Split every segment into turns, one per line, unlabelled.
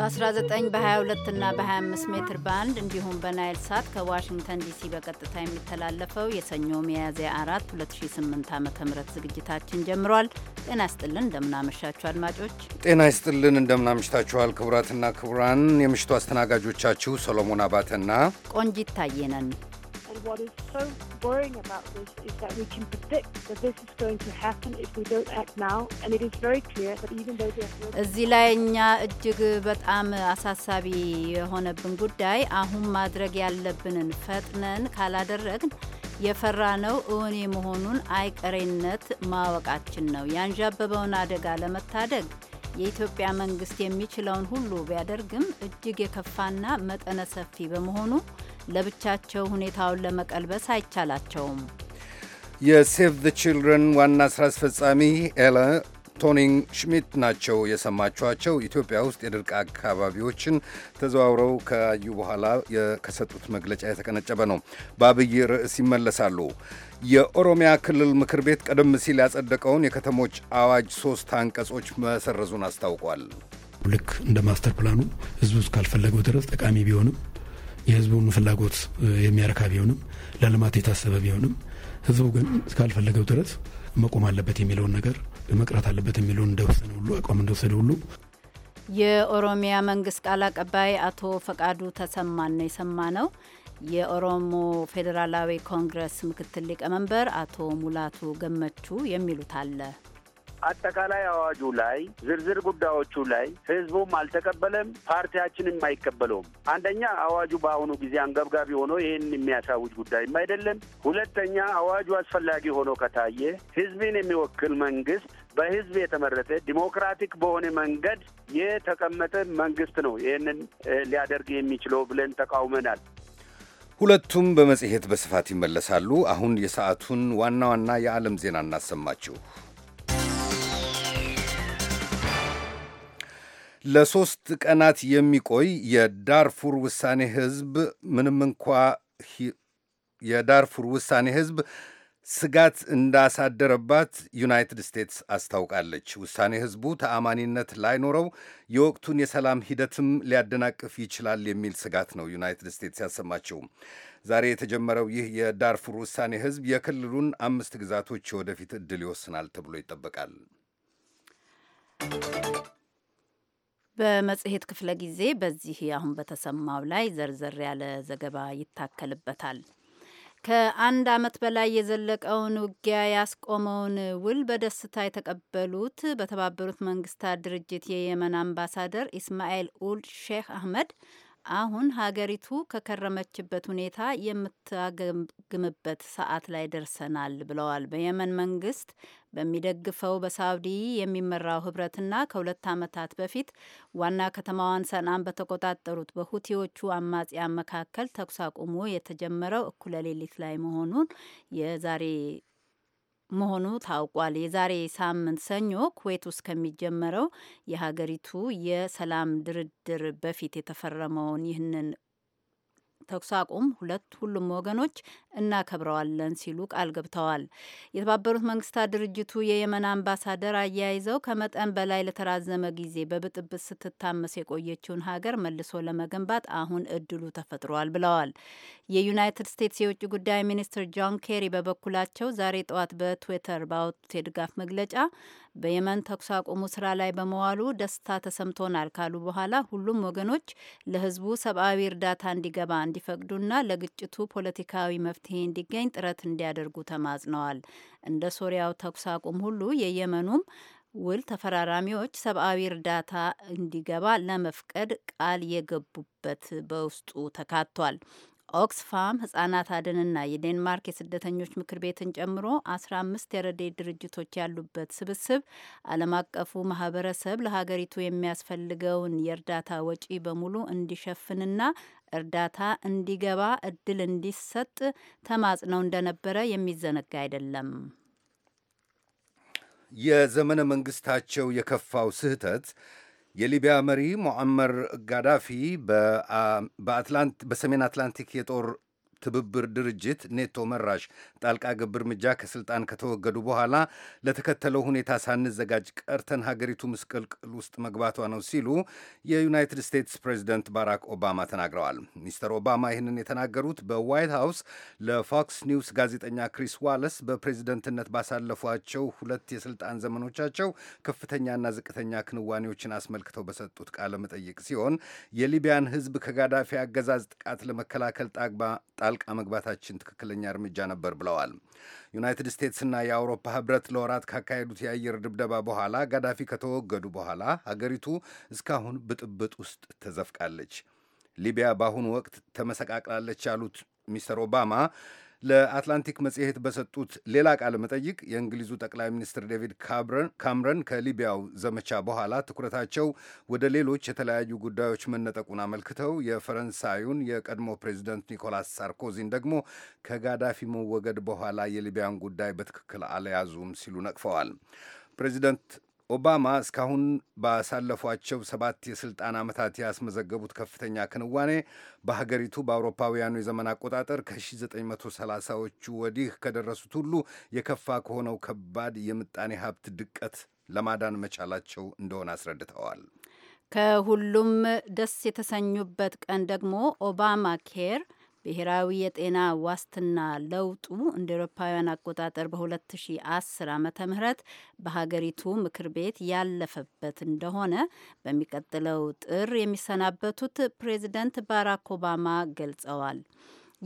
በ19 በ22 እና በ25 ሜትር ባንድ እንዲሁም በናይል ሳት ከዋሽንግተን ዲሲ በቀጥታ የሚተላለፈው የሰኞ ሚያዝያ 4 2008 ዓ ም ዝግጅታችን ጀምሯል። ጤና ይስጥልን፣ እንደምናመሻችሁ አድማጮች።
ጤና ይስጥልን፣ እንደምናመሽታችኋል ክቡራትና ክቡራን። የምሽቱ አስተናጋጆቻችሁ ሰሎሞን አባተና
ቆንጂት ታየነን what is
so worrying about this is that we can predict that this is going to happen if we
don't act now and it is very clear that even though
እዚህ ላይ እኛ እጅግ በጣም አሳሳቢ የሆነብን ጉዳይ አሁን ማድረግ ያለብንን ፈጥነን ካላደረግን የፈራ ነው እውን መሆኑን አይቀሬነት ማወቃችን ነው። ያንዣበበውን አደጋ ለመታደግ የኢትዮጵያ መንግስት የሚችለውን ሁሉ ቢያደርግም እጅግ የከፋና መጠነ ሰፊ በመሆኑ ለብቻቸው ሁኔታውን ለመቀልበስ አይቻላቸውም።
የሴቭ ዘ ችልድረን ዋና ስራ አስፈጻሚ ኤለ ቶኒንግ ሽሚት ናቸው የሰማችኋቸው። ኢትዮጵያ ውስጥ የድርቅ አካባቢዎችን ተዘዋውረው ከያዩ በኋላ ከሰጡት መግለጫ የተቀነጨበ ነው። በአብይ ርዕስ ይመለሳሉ። የኦሮሚያ ክልል ምክር ቤት ቀደም ሲል ያጸደቀውን የከተሞች አዋጅ ሶስት አንቀጾች መሰረዙን አስታውቋል።
ልክ እንደ ማስተር ፕላኑ ህዝቡ እስካልፈለገው ድረስ ጠቃሚ ቢሆንም የህዝቡን ፍላጎት የሚያረካ ቢሆንም ለልማት የታሰበ ቢሆንም ህዝቡ ግን እስካልፈለገው ድረስ መቆም አለበት የሚለውን ነገር መቅረት አለበት የሚለውን እንደወሰነ ሁሉ አቋም እንደወሰደ ሁሉ
የኦሮሚያ መንግስት ቃል አቀባይ አቶ ፈቃዱ ተሰማን ነው የሰማ ነው። የኦሮሞ ፌዴራላዊ ኮንግረስ ምክትል ሊቀመንበር አቶ ሙላቱ ገመቹ የሚሉት አለ።
አጠቃላይ አዋጁ ላይ ዝርዝር ጉዳዮቹ ላይ ህዝቡም አልተቀበለም፣ ፓርቲያችንም አይቀበለውም። አንደኛ አዋጁ በአሁኑ ጊዜ አንገብጋቢ ሆኖ ይህን የሚያሳውጅ ጉዳይም አይደለም። ሁለተኛ አዋጁ አስፈላጊ ሆኖ ከታየ ህዝብን የሚወክል መንግስት በህዝብ የተመረጠ ዲሞክራቲክ በሆነ መንገድ የተቀመጠ መንግስት ነው ይህንን ሊያደርግ የሚችለው ብለን ተቃውመናል።
ሁለቱም በመጽሔት በስፋት ይመለሳሉ። አሁን የሰዓቱን ዋና ዋና የዓለም ዜና እናሰማችሁ። ለሶስት ቀናት የሚቆይ የዳርፉር ውሳኔ ህዝብ ምንም እንኳ የዳርፉር ውሳኔ ህዝብ ስጋት እንዳሳደረባት ዩናይትድ ስቴትስ አስታውቃለች። ውሳኔ ህዝቡ ተአማኒነት ላይኖረው የወቅቱን የሰላም ሂደትም ሊያደናቅፍ ይችላል የሚል ስጋት ነው ዩናይትድ ስቴትስ ያሰማችው። ዛሬ የተጀመረው ይህ የዳርፉር ውሳኔ ህዝብ የክልሉን አምስት ግዛቶች የወደፊት ዕድል ይወስናል ተብሎ ይጠበቃል።
በመጽሔት ክፍለ ጊዜ በዚህ አሁን በተሰማው ላይ ዘርዘር ያለ ዘገባ ይታከልበታል። ከአንድ ዓመት በላይ የዘለቀውን ውጊያ ያስቆመውን ውል በደስታ የተቀበሉት በተባበሩት መንግስታት ድርጅት የየመን አምባሳደር ኢስማኤል ኡል ሼክ አህመድ አሁን ሀገሪቱ ከከረመችበት ሁኔታ የምታገግምበት ሰዓት ላይ ደርሰናል ብለዋል። በየመን መንግስት በሚደግፈው በሳውዲ የሚመራው ህብረትና ከሁለት ዓመታት በፊት ዋና ከተማዋን ሰንዓን በተቆጣጠሩት በሁቲዎቹ አማጽያን መካከል ተኩስ አቁሞ የተጀመረው እኩለ ሌሊት ላይ መሆኑን የዛሬ መሆኑ ታውቋል። የዛሬ ሳምንት ሰኞ ኩዌት ውስጥ ከሚጀመረው የሀገሪቱ የሰላም ድርድር በፊት የተፈረመውን ይህንን ተኩስ አቁም ሁለት ሁሉም ወገኖች እናከብረዋለን ሲሉ ቃል ገብተዋል። የተባበሩት መንግስታት ድርጅቱ የየመን አምባሳደር አያይዘው ከመጠን በላይ ለተራዘመ ጊዜ በብጥብጥ ስትታመስ የቆየችውን ሀገር መልሶ ለመገንባት አሁን እድሉ ተፈጥሯል ብለዋል። የዩናይትድ ስቴትስ የውጭ ጉዳይ ሚኒስትር ጆን ኬሪ በበኩላቸው ዛሬ ጠዋት በትዊተር ባወጡት የድጋፍ መግለጫ በየመን ተኩስ አቁሙ ስራ ላይ በመዋሉ ደስታ ተሰምቶናል ካሉ በኋላ ሁሉም ወገኖች ለህዝቡ ሰብአዊ እርዳታ እንዲገባ እንዲፈቅዱና ለግጭቱ ፖለቲካዊ መፍ መፍትሄ እንዲገኝ ጥረት እንዲያደርጉ ተማጽነዋል። እንደ ሶሪያው ተኩስ አቁም ሁሉ የየመኑም ውል ተፈራራሚዎች ሰብአዊ እርዳታ እንዲገባ ለመፍቀድ ቃል የገቡበት በውስጡ ተካቷል። ኦክስፋም ህጻናት አድንና የዴንማርክ የስደተኞች ምክር ቤትን ጨምሮ አስራ አምስት የረድኤት ድርጅቶች ያሉበት ስብስብ ዓለም አቀፉ ማህበረሰብ ለሀገሪቱ የሚያስፈልገውን የእርዳታ ወጪ በሙሉ እንዲሸፍንና እርዳታ እንዲገባ እድል እንዲሰጥ ተማጽነው እንደነበረ የሚዘነጋ አይደለም።
የዘመነ መንግስታቸው የከፋው ስህተት የሊቢያ መሪ ሞዓመር ጋዳፊ በሰሜን አትላንቲክ የጦር ትብብር ድርጅት ኔቶ መራሽ ጣልቃ ገብ እርምጃ ከስልጣን ከተወገዱ በኋላ ለተከተለው ሁኔታ ሳንዘጋጅ ቀርተን ሀገሪቱ ምስቅልቅል ውስጥ መግባቷ ነው ሲሉ የዩናይትድ ስቴትስ ፕሬዚደንት ባራክ ኦባማ ተናግረዋል። ሚስተር ኦባማ ይህንን የተናገሩት በዋይት ሀውስ ለፎክስ ኒውስ ጋዜጠኛ ክሪስ ዋለስ በፕሬዚደንትነት ባሳለፏቸው ሁለት የስልጣን ዘመኖቻቸው ከፍተኛና ዝቅተኛ ክንዋኔዎችን አስመልክተው በሰጡት ቃለ መጠይቅ ሲሆን የሊቢያን ሕዝብ ከጋዳፊ አገዛዝ ጥቃት ለመከላከል ጣግባ ጣልቃ መግባታችን ትክክለኛ እርምጃ ነበር ብለዋል። ዩናይትድ ስቴትስና የአውሮፓ ህብረት ለወራት ካካሄዱት የአየር ድብደባ በኋላ ጋዳፊ ከተወገዱ በኋላ ሀገሪቱ እስካሁን ብጥብጥ ውስጥ ተዘፍቃለች። ሊቢያ በአሁኑ ወቅት ተመሰቃቅላለች ያሉት ሚስተር ኦባማ ለአትላንቲክ መጽሔት በሰጡት ሌላ ቃለ መጠይቅ የእንግሊዙ ጠቅላይ ሚኒስትር ዴቪድ ካምረን ከሊቢያው ዘመቻ በኋላ ትኩረታቸው ወደ ሌሎች የተለያዩ ጉዳዮች መነጠቁን አመልክተው የፈረንሳዩን የቀድሞ ፕሬዚደንት ኒኮላስ ሳርኮዚን ደግሞ ከጋዳፊ መወገድ በኋላ የሊቢያን ጉዳይ በትክክል አልያዙም ሲሉ ነቅፈዋል። ፕሬዚደንት ኦባማ እስካሁን ባሳለፏቸው ሰባት የስልጣን ዓመታት ያስመዘገቡት ከፍተኛ ክንዋኔ በሀገሪቱ በአውሮፓውያኑ የዘመን አቆጣጠር ከ1930ዎቹ ወዲህ ከደረሱት ሁሉ የከፋ ከሆነው ከባድ የምጣኔ ሀብት ድቀት ለማዳን መቻላቸው እንደሆነ አስረድተዋል።
ከሁሉም ደስ የተሰኙበት ቀን ደግሞ ኦባማ ኬር ብሔራዊ የጤና ዋስትና ለውጡ እንደ ኤሮፓውያን አቆጣጠር በ2010 ዓ ም በሀገሪቱ ምክር ቤት ያለፈበት እንደሆነ በሚቀጥለው ጥር የሚሰናበቱት ፕሬዚደንት ባራክ ኦባማ ገልጸዋል።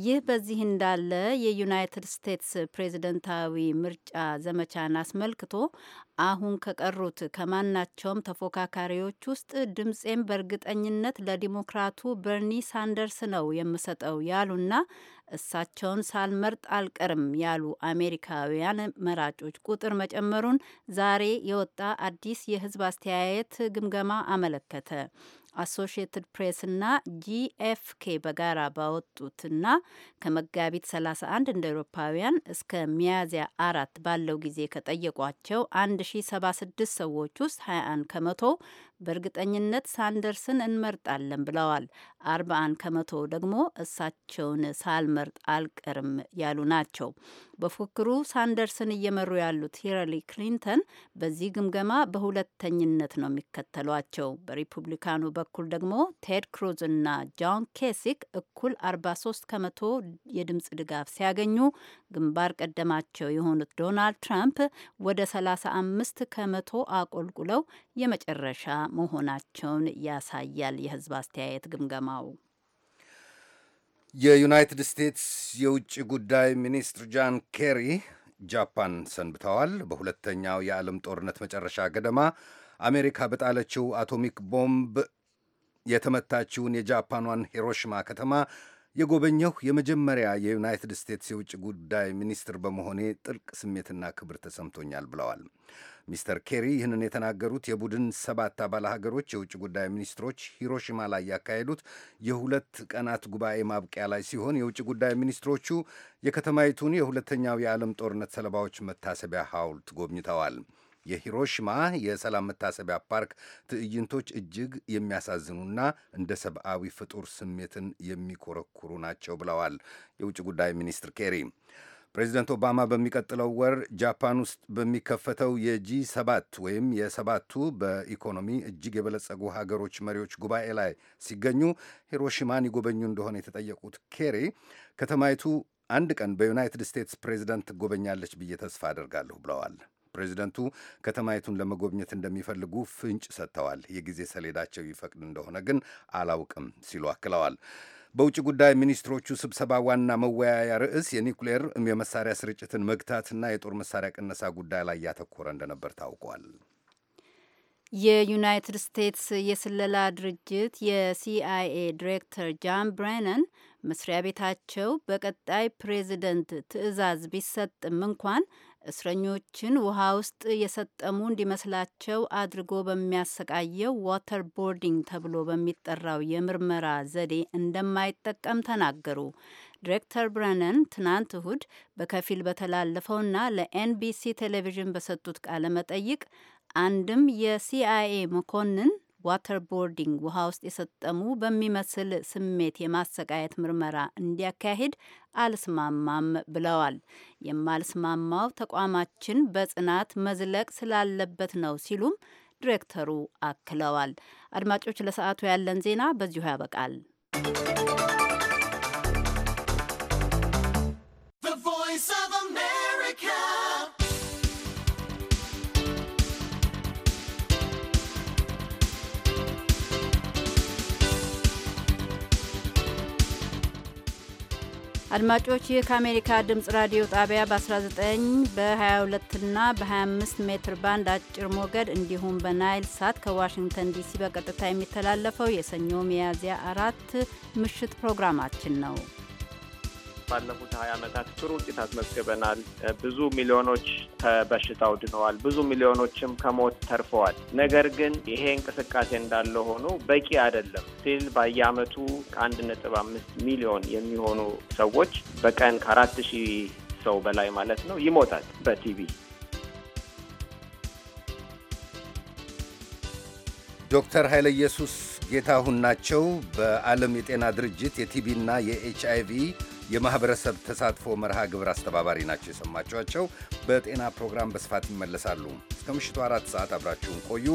ይህ በዚህ እንዳለ የዩናይትድ ስቴትስ ፕሬዝደንታዊ ምርጫ ዘመቻን አስመልክቶ አሁን ከቀሩት ከማናቸውም ተፎካካሪዎች ውስጥ ድምፄን በእርግጠኝነት ለዲሞክራቱ በርኒ ሳንደርስ ነው የምሰጠው ያሉና እሳቸውን ሳልመርጥ አልቀርም ያሉ አሜሪካውያን መራጮች ቁጥር መጨመሩን ዛሬ የወጣ አዲስ የሕዝብ አስተያየት ግምገማ አመለከተ። አሶሺየትድ ፕሬስና ጂኤፍኬ በጋራ ባወጡትና ከመጋቢት 31 እንደ ኤሮፓውያን እስከ ሚያዝያ አራት ባለው ጊዜ ከጠየቋቸው 1076 ሰዎች ውስጥ 21 ከመቶ በእርግጠኝነት ሳንደርስን እንመርጣለን ብለዋል። 41 ከመቶ ደግሞ እሳቸውን ሳልመርጥ አልቀርም ያሉ ናቸው። በፉክክሩ ሳንደርስን እየመሩ ያሉት ሂለሪ ክሊንተን በዚህ ግምገማ በሁለተኝነት ነው የሚከተሏቸው። በሪፑብሊካኑ በኩል ደግሞ ቴድ ክሩዝ እና ጆን ኬሲክ እኩል 43 ከመቶ የድምፅ ድጋፍ ሲያገኙ ግንባር ቀደማቸው የሆኑት ዶናልድ ትራምፕ ወደ 35 ከመቶ አቆልቁለው የመጨረሻ መሆናቸውን ያሳያል የህዝብ አስተያየት ግምገማው።
የዩናይትድ ስቴትስ የውጭ ጉዳይ ሚኒስትር ጃን ኬሪ ጃፓን ሰንብተዋል። በሁለተኛው የዓለም ጦርነት መጨረሻ ገደማ አሜሪካ በጣለችው አቶሚክ ቦምብ የተመታችውን የጃፓኗን ሂሮሽማ ከተማ የጎበኘሁ የመጀመሪያ የዩናይትድ ስቴትስ የውጭ ጉዳይ ሚኒስትር በመሆኔ ጥልቅ ስሜትና ክብር ተሰምቶኛል ብለዋል። ሚስተር ኬሪ ይህንን የተናገሩት የቡድን ሰባት አባል ሀገሮች የውጭ ጉዳይ ሚኒስትሮች ሂሮሽማ ላይ ያካሄዱት የሁለት ቀናት ጉባኤ ማብቂያ ላይ ሲሆን የውጭ ጉዳይ ሚኒስትሮቹ የከተማይቱን የሁለተኛው የዓለም ጦርነት ሰለባዎች መታሰቢያ ሐውልት ጎብኝተዋል። የሂሮሽማ የሰላም መታሰቢያ ፓርክ ትዕይንቶች እጅግ የሚያሳዝኑና እንደ ሰብአዊ ፍጡር ስሜትን የሚኮረኩሩ ናቸው ብለዋል የውጭ ጉዳይ ሚኒስትር ኬሪ። ፕሬዚደንት ኦባማ በሚቀጥለው ወር ጃፓን ውስጥ በሚከፈተው የጂ ሰባት ወይም የሰባቱ በኢኮኖሚ እጅግ የበለጸጉ ሀገሮች መሪዎች ጉባኤ ላይ ሲገኙ ሂሮሽማን ይጎበኙ እንደሆነ የተጠየቁት ኬሪ ከተማይቱ አንድ ቀን በዩናይትድ ስቴትስ ፕሬዚደንት ትጎበኛለች ብዬ ተስፋ አደርጋለሁ ብለዋል። ፕሬዚደንቱ ከተማይቱን ለመጎብኘት እንደሚፈልጉ ፍንጭ ሰጥተዋል። የጊዜ ሰሌዳቸው ይፈቅድ እንደሆነ ግን አላውቅም ሲሉ አክለዋል። በውጭ ጉዳይ ሚኒስትሮቹ ስብሰባ ዋና መወያያ ርዕስ የኒውክሌር የመሳሪያ ስርጭትን መግታትና የጦር መሳሪያ ቅነሳ ጉዳይ ላይ ያተኮረ እንደነበር ታውቋል።
የዩናይትድ ስቴትስ የስለላ ድርጅት የሲአይኤ ዲሬክተር ጃን ብሬነን መስሪያ ቤታቸው በቀጣይ ፕሬዚደንት ትዕዛዝ ቢሰጥም እንኳን እስረኞችን ውሃ ውስጥ የሰጠሙ እንዲመስላቸው አድርጎ በሚያሰቃየው ዋተር ቦርዲንግ ተብሎ በሚጠራው የምርመራ ዘዴ እንደማይጠቀም ተናገሩ። ዲሬክተር ብረነን ትናንት እሁድ በከፊል በተላለፈውና ለኤንቢሲ ቴሌቪዥን በሰጡት ቃለ መጠይቅ አንድም የሲአይኤ መኮንን ዋተር ቦርዲንግ ውሃ ውስጥ የሰጠሙ በሚመስል ስሜት የማሰቃየት ምርመራ እንዲያካሂድ አልስማማም ብለዋል። የማልስማማው ተቋማችን በጽናት መዝለቅ ስላለበት ነው ሲሉም ዲሬክተሩ አክለዋል። አድማጮች፣ ለሰዓቱ ያለን ዜና በዚሁ ያበቃል። አድማጮች ይህ ከአሜሪካ ድምጽ ራዲዮ ጣቢያ በ19 በ22 እና በ25 ሜትር ባንድ አጭር ሞገድ እንዲሁም በናይል ሳት ከዋሽንግተን ዲሲ በቀጥታ የሚተላለፈው የሰኞ ሚያዝያ አራት ምሽት ፕሮግራማችን ነው።
ባለፉት ሀያ ዓመታት ጥሩ ውጤት አስመዝግበናል። ብዙ ሚሊዮኖች ከበሽታው ድነዋል። ብዙ ሚሊዮኖችም ከሞት ተርፈዋል። ነገር ግን ይሄ እንቅስቃሴ እንዳለ ሆኖ በቂ አይደለም። ሲል በየአመቱ ከአንድ ነጥብ አምስት ሚሊዮን የሚሆኑ ሰዎች በቀን ከአራት ሺህ ሰው በላይ ማለት ነው ይሞታል በቲቪ።
ዶክተር ኃይለ ኢየሱስ ጌታሁን ናቸው። በዓለም የጤና ድርጅት የቲቢና የኤችአይቪ የማህበረሰብ ተሳትፎ መርሃ ግብር አስተባባሪ ናቸው። የሰማችኋቸው በጤና ፕሮግራም በስፋት ይመለሳሉ። እስከ ምሽቱ አራት ሰዓት አብራችሁን ቆዩ።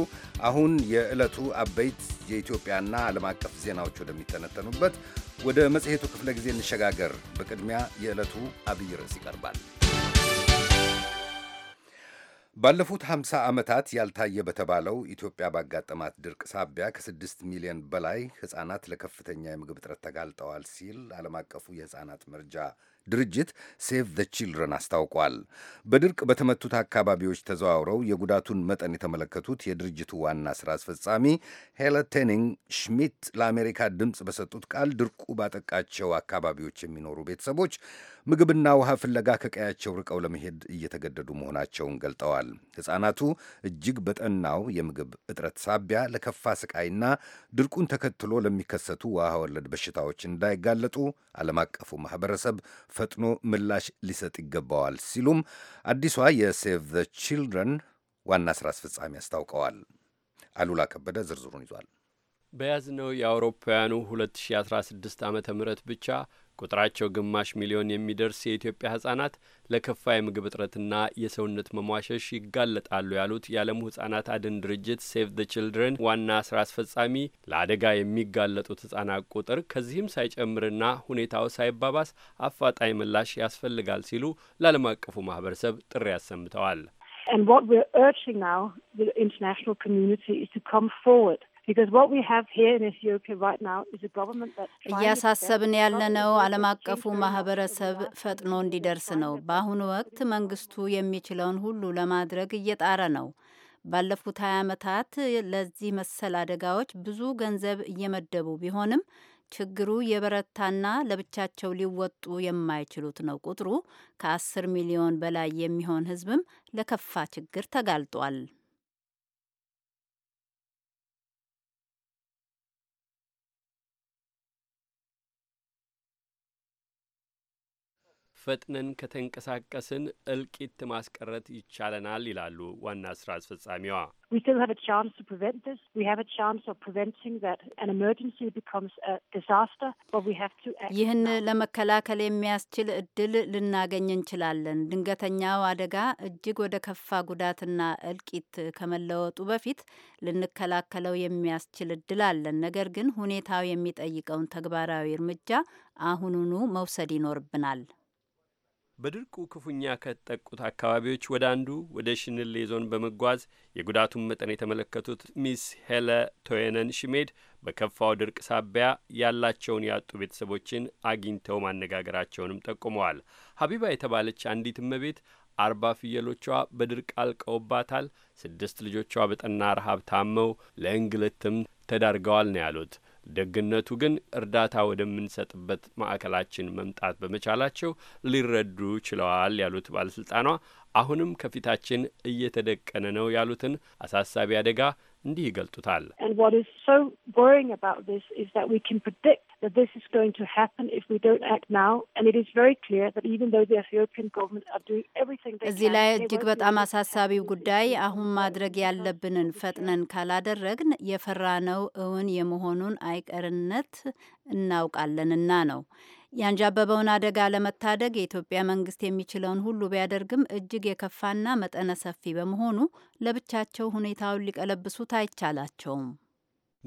አሁን የዕለቱ አበይት የኢትዮጵያና ዓለም አቀፍ ዜናዎች ወደሚተነተኑበት ወደ መጽሔቱ ክፍለ ጊዜ እንሸጋገር። በቅድሚያ የዕለቱ አብይ ርዕስ ይቀርባል። ባለፉት 50 ዓመታት ያልታየ በተባለው ኢትዮጵያ ባጋጠማት ድርቅ ሳቢያ ከ6 ሚሊዮን በላይ ሕፃናት ለከፍተኛ የምግብ እጥረት ተጋልጠዋል ሲል ዓለም አቀፉ የሕፃናት መርጃ ድርጅት ሴቭ ዘ ቺልድረን አስታውቋል። በድርቅ በተመቱት አካባቢዎች ተዘዋውረው የጉዳቱን መጠን የተመለከቱት የድርጅቱ ዋና ሥራ አስፈጻሚ ሄለቴኒንግ ሽሚት ለአሜሪካ ድምፅ በሰጡት ቃል ድርቁ ባጠቃቸው አካባቢዎች የሚኖሩ ቤተሰቦች ምግብና ውሃ ፍለጋ ከቀያቸው ርቀው ለመሄድ እየተገደዱ መሆናቸውን ገልጠዋል። ሕፃናቱ እጅግ በጠናው የምግብ እጥረት ሳቢያ ለከፋ ስቃይና ድርቁን ተከትሎ ለሚከሰቱ ውሃ ወለድ በሽታዎች እንዳይጋለጡ ዓለም አቀፉ ማህበረሰብ ፈጥኖ ምላሽ ሊሰጥ ይገባዋል ሲሉም አዲሷ የሴቭ ዘ ቺልድረን ዋና ስራ አስፈጻሚ አስታውቀዋል። አሉላ ከበደ ዝርዝሩን ይዟል።
በያዝነው የአውሮፓውያኑ 2016 ዓ ም ብቻ ቁጥራቸው ግማሽ ሚሊዮን የሚደርስ የኢትዮጵያ ህጻናት ለከፋ የምግብ እጥረትና የሰውነት መሟሸሽ ይጋለጣሉ ያሉት የዓለሙ ህጻናት አድን ድርጅት ሴቭ ዘ ችልድረን ዋና ስራ አስፈጻሚ ለአደጋ የሚጋለጡት ህጻናት ቁጥር ከዚህም ሳይጨምርና ሁኔታው ሳይባባስ አፋጣኝ ምላሽ ያስፈልጋል ሲሉ ለዓለም አቀፉ ማህበረሰብ ጥሪ አሰምተዋል።
And what we're urging now the international community is to come forward
እያሳሰብን ያለነው ዓለም አቀፉ ማህበረሰብ ፈጥኖ እንዲደርስ ነው። በአሁኑ ወቅት መንግስቱ የሚችለውን ሁሉ ለማድረግ እየጣረ ነው። ባለፉት ሀያ ዓመታት ለዚህ መሰል አደጋዎች ብዙ ገንዘብ እየመደቡ ቢሆንም ችግሩ የበረታና ለብቻቸው ሊወጡ የማይችሉት ነው። ቁጥሩ ከ10 ሚሊዮን በላይ የሚሆን ህዝብም ለከፋ ችግር ተጋልጧል።
ፈጥነን ከተንቀሳቀስን እልቂት ማስቀረት ይቻለናል ይላሉ ዋና ስራ አስፈጻሚዋ።
ይህን ለመከላከል የሚያስችል እድል ልናገኝ እንችላለን። ድንገተኛው አደጋ እጅግ ወደ ከፋ ጉዳትና እልቂት ከመለወጡ በፊት ልንከላከለው የሚያስችል እድል አለን። ነገር ግን ሁኔታው የሚጠይቀውን ተግባራዊ እርምጃ አሁኑኑ መውሰድ ይኖርብናል።
በድርቁ ክፉኛ ከተጠቁት አካባቢዎች ወደ አንዱ ወደ ሽንሌ ዞን በመጓዝ የጉዳቱን መጠን የተመለከቱት ሚስ ሄለ ቶየነን ሽሜድ በከፋው ድርቅ ሳቢያ ያላቸውን ያጡ ቤተሰቦችን አግኝተው ማነጋገራቸውንም ጠቁመዋል። ሀቢባ የተባለች አንዲት እመቤት አርባ ፍየሎቿ በድርቅ አልቀውባታል፣ ስድስት ልጆቿ በጠና ረሃብ ታመው ለእንግልትም ተዳርገዋል ነው ያሉት። ደግነቱ ግን እርዳታ ወደምንሰጥበት ማዕከላችን መምጣት በመቻላቸው ሊረዱ ችለዋል ያሉት ባለሥልጣኗ አሁንም ከፊታችን እየተደቀነ ነው ያሉትን አሳሳቢ አደጋ እንዲህ ይገልጡታል።
እዚህ ላይ እጅግ በጣም አሳሳቢው ጉዳይ አሁን ማድረግ ያለብንን ፈጥነን ካላደረግን የፈራነው እውን የመሆኑን አይቀርነት እናውቃለንና ነው። ያንዣበበውን አደጋ ለመታደግ የኢትዮጵያ መንግስት የሚችለውን ሁሉ ቢያደርግም እጅግ የከፋና መጠነ ሰፊ በመሆኑ ለብቻቸው ሁኔታውን ሊቀለብሱት አይቻላቸውም።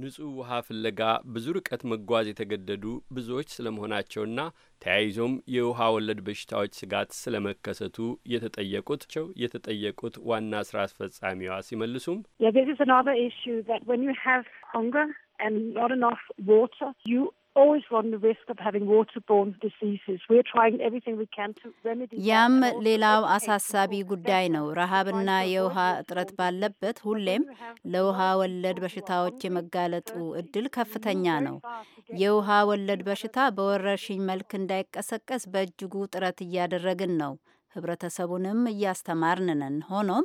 ንጹህ ውሃ ፍለጋ ብዙ ርቀት መጓዝ የተገደዱ ብዙዎች ስለመሆናቸውና ተያይዞም የውሃ ወለድ በሽታዎች ስጋት ስለመከሰቱ የተጠየቁት ቸው የተጠየቁት ዋና ስራ አስፈጻሚዋ ሲመልሱም
ያም ሌላው አሳሳቢ ጉዳይ ነው። ረሃብና የውሃ እጥረት ባለበት ሁሌም ለውሃ ወለድ በሽታዎች የመጋለጡ እድል ከፍተኛ ነው። የውሃ ወለድ በሽታ በወረርሽኝ መልክ እንዳይቀሰቀስ በእጅጉ ጥረት እያደረግን ነው። ህብረተሰቡንም እያስተማርን ሆኖም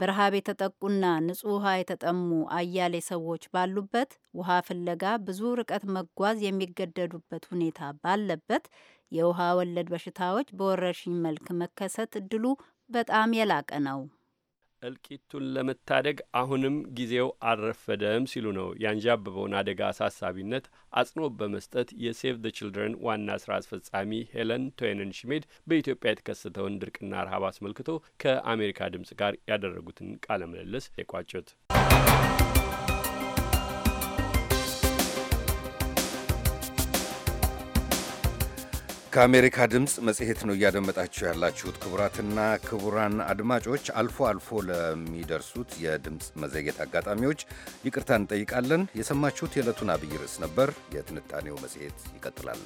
በረሃብ የተጠቁና ንጹህ ውሃ የተጠሙ አያሌ ሰዎች ባሉበት ውሃ ፍለጋ ብዙ ርቀት መጓዝ የሚገደዱበት ሁኔታ ባለበት የውሃ ወለድ በሽታዎች በወረርሽኝ መልክ መከሰት እድሉ በጣም የላቀ ነው።
እልቂቱን ለመታደግ አሁንም ጊዜው አልረፈደም ሲሉ ነው ያንዣበበውን አደጋ አሳሳቢነት አጽንኦት በመስጠት የሴቭ ዘ ችልድረን ዋና ስራ አስፈጻሚ ሄለን ቶይነን ሽሜድ በኢትዮጵያ የተከሰተውን ድርቅና ረሀብ አስመልክቶ ከአሜሪካ ድምጽ ጋር ያደረጉትን ቃለ ምልልስ የቋጩት።
ከአሜሪካ ድምፅ መጽሔት ነው እያደመጣችሁ ያላችሁት። ክቡራትና ክቡራን አድማጮች አልፎ አልፎ ለሚደርሱት የድምፅ መዘግየት አጋጣሚዎች ይቅርታ እንጠይቃለን። የሰማችሁት የዕለቱን አብይ ርዕስ ነበር። የትንታኔው መጽሔት ይቀጥላል።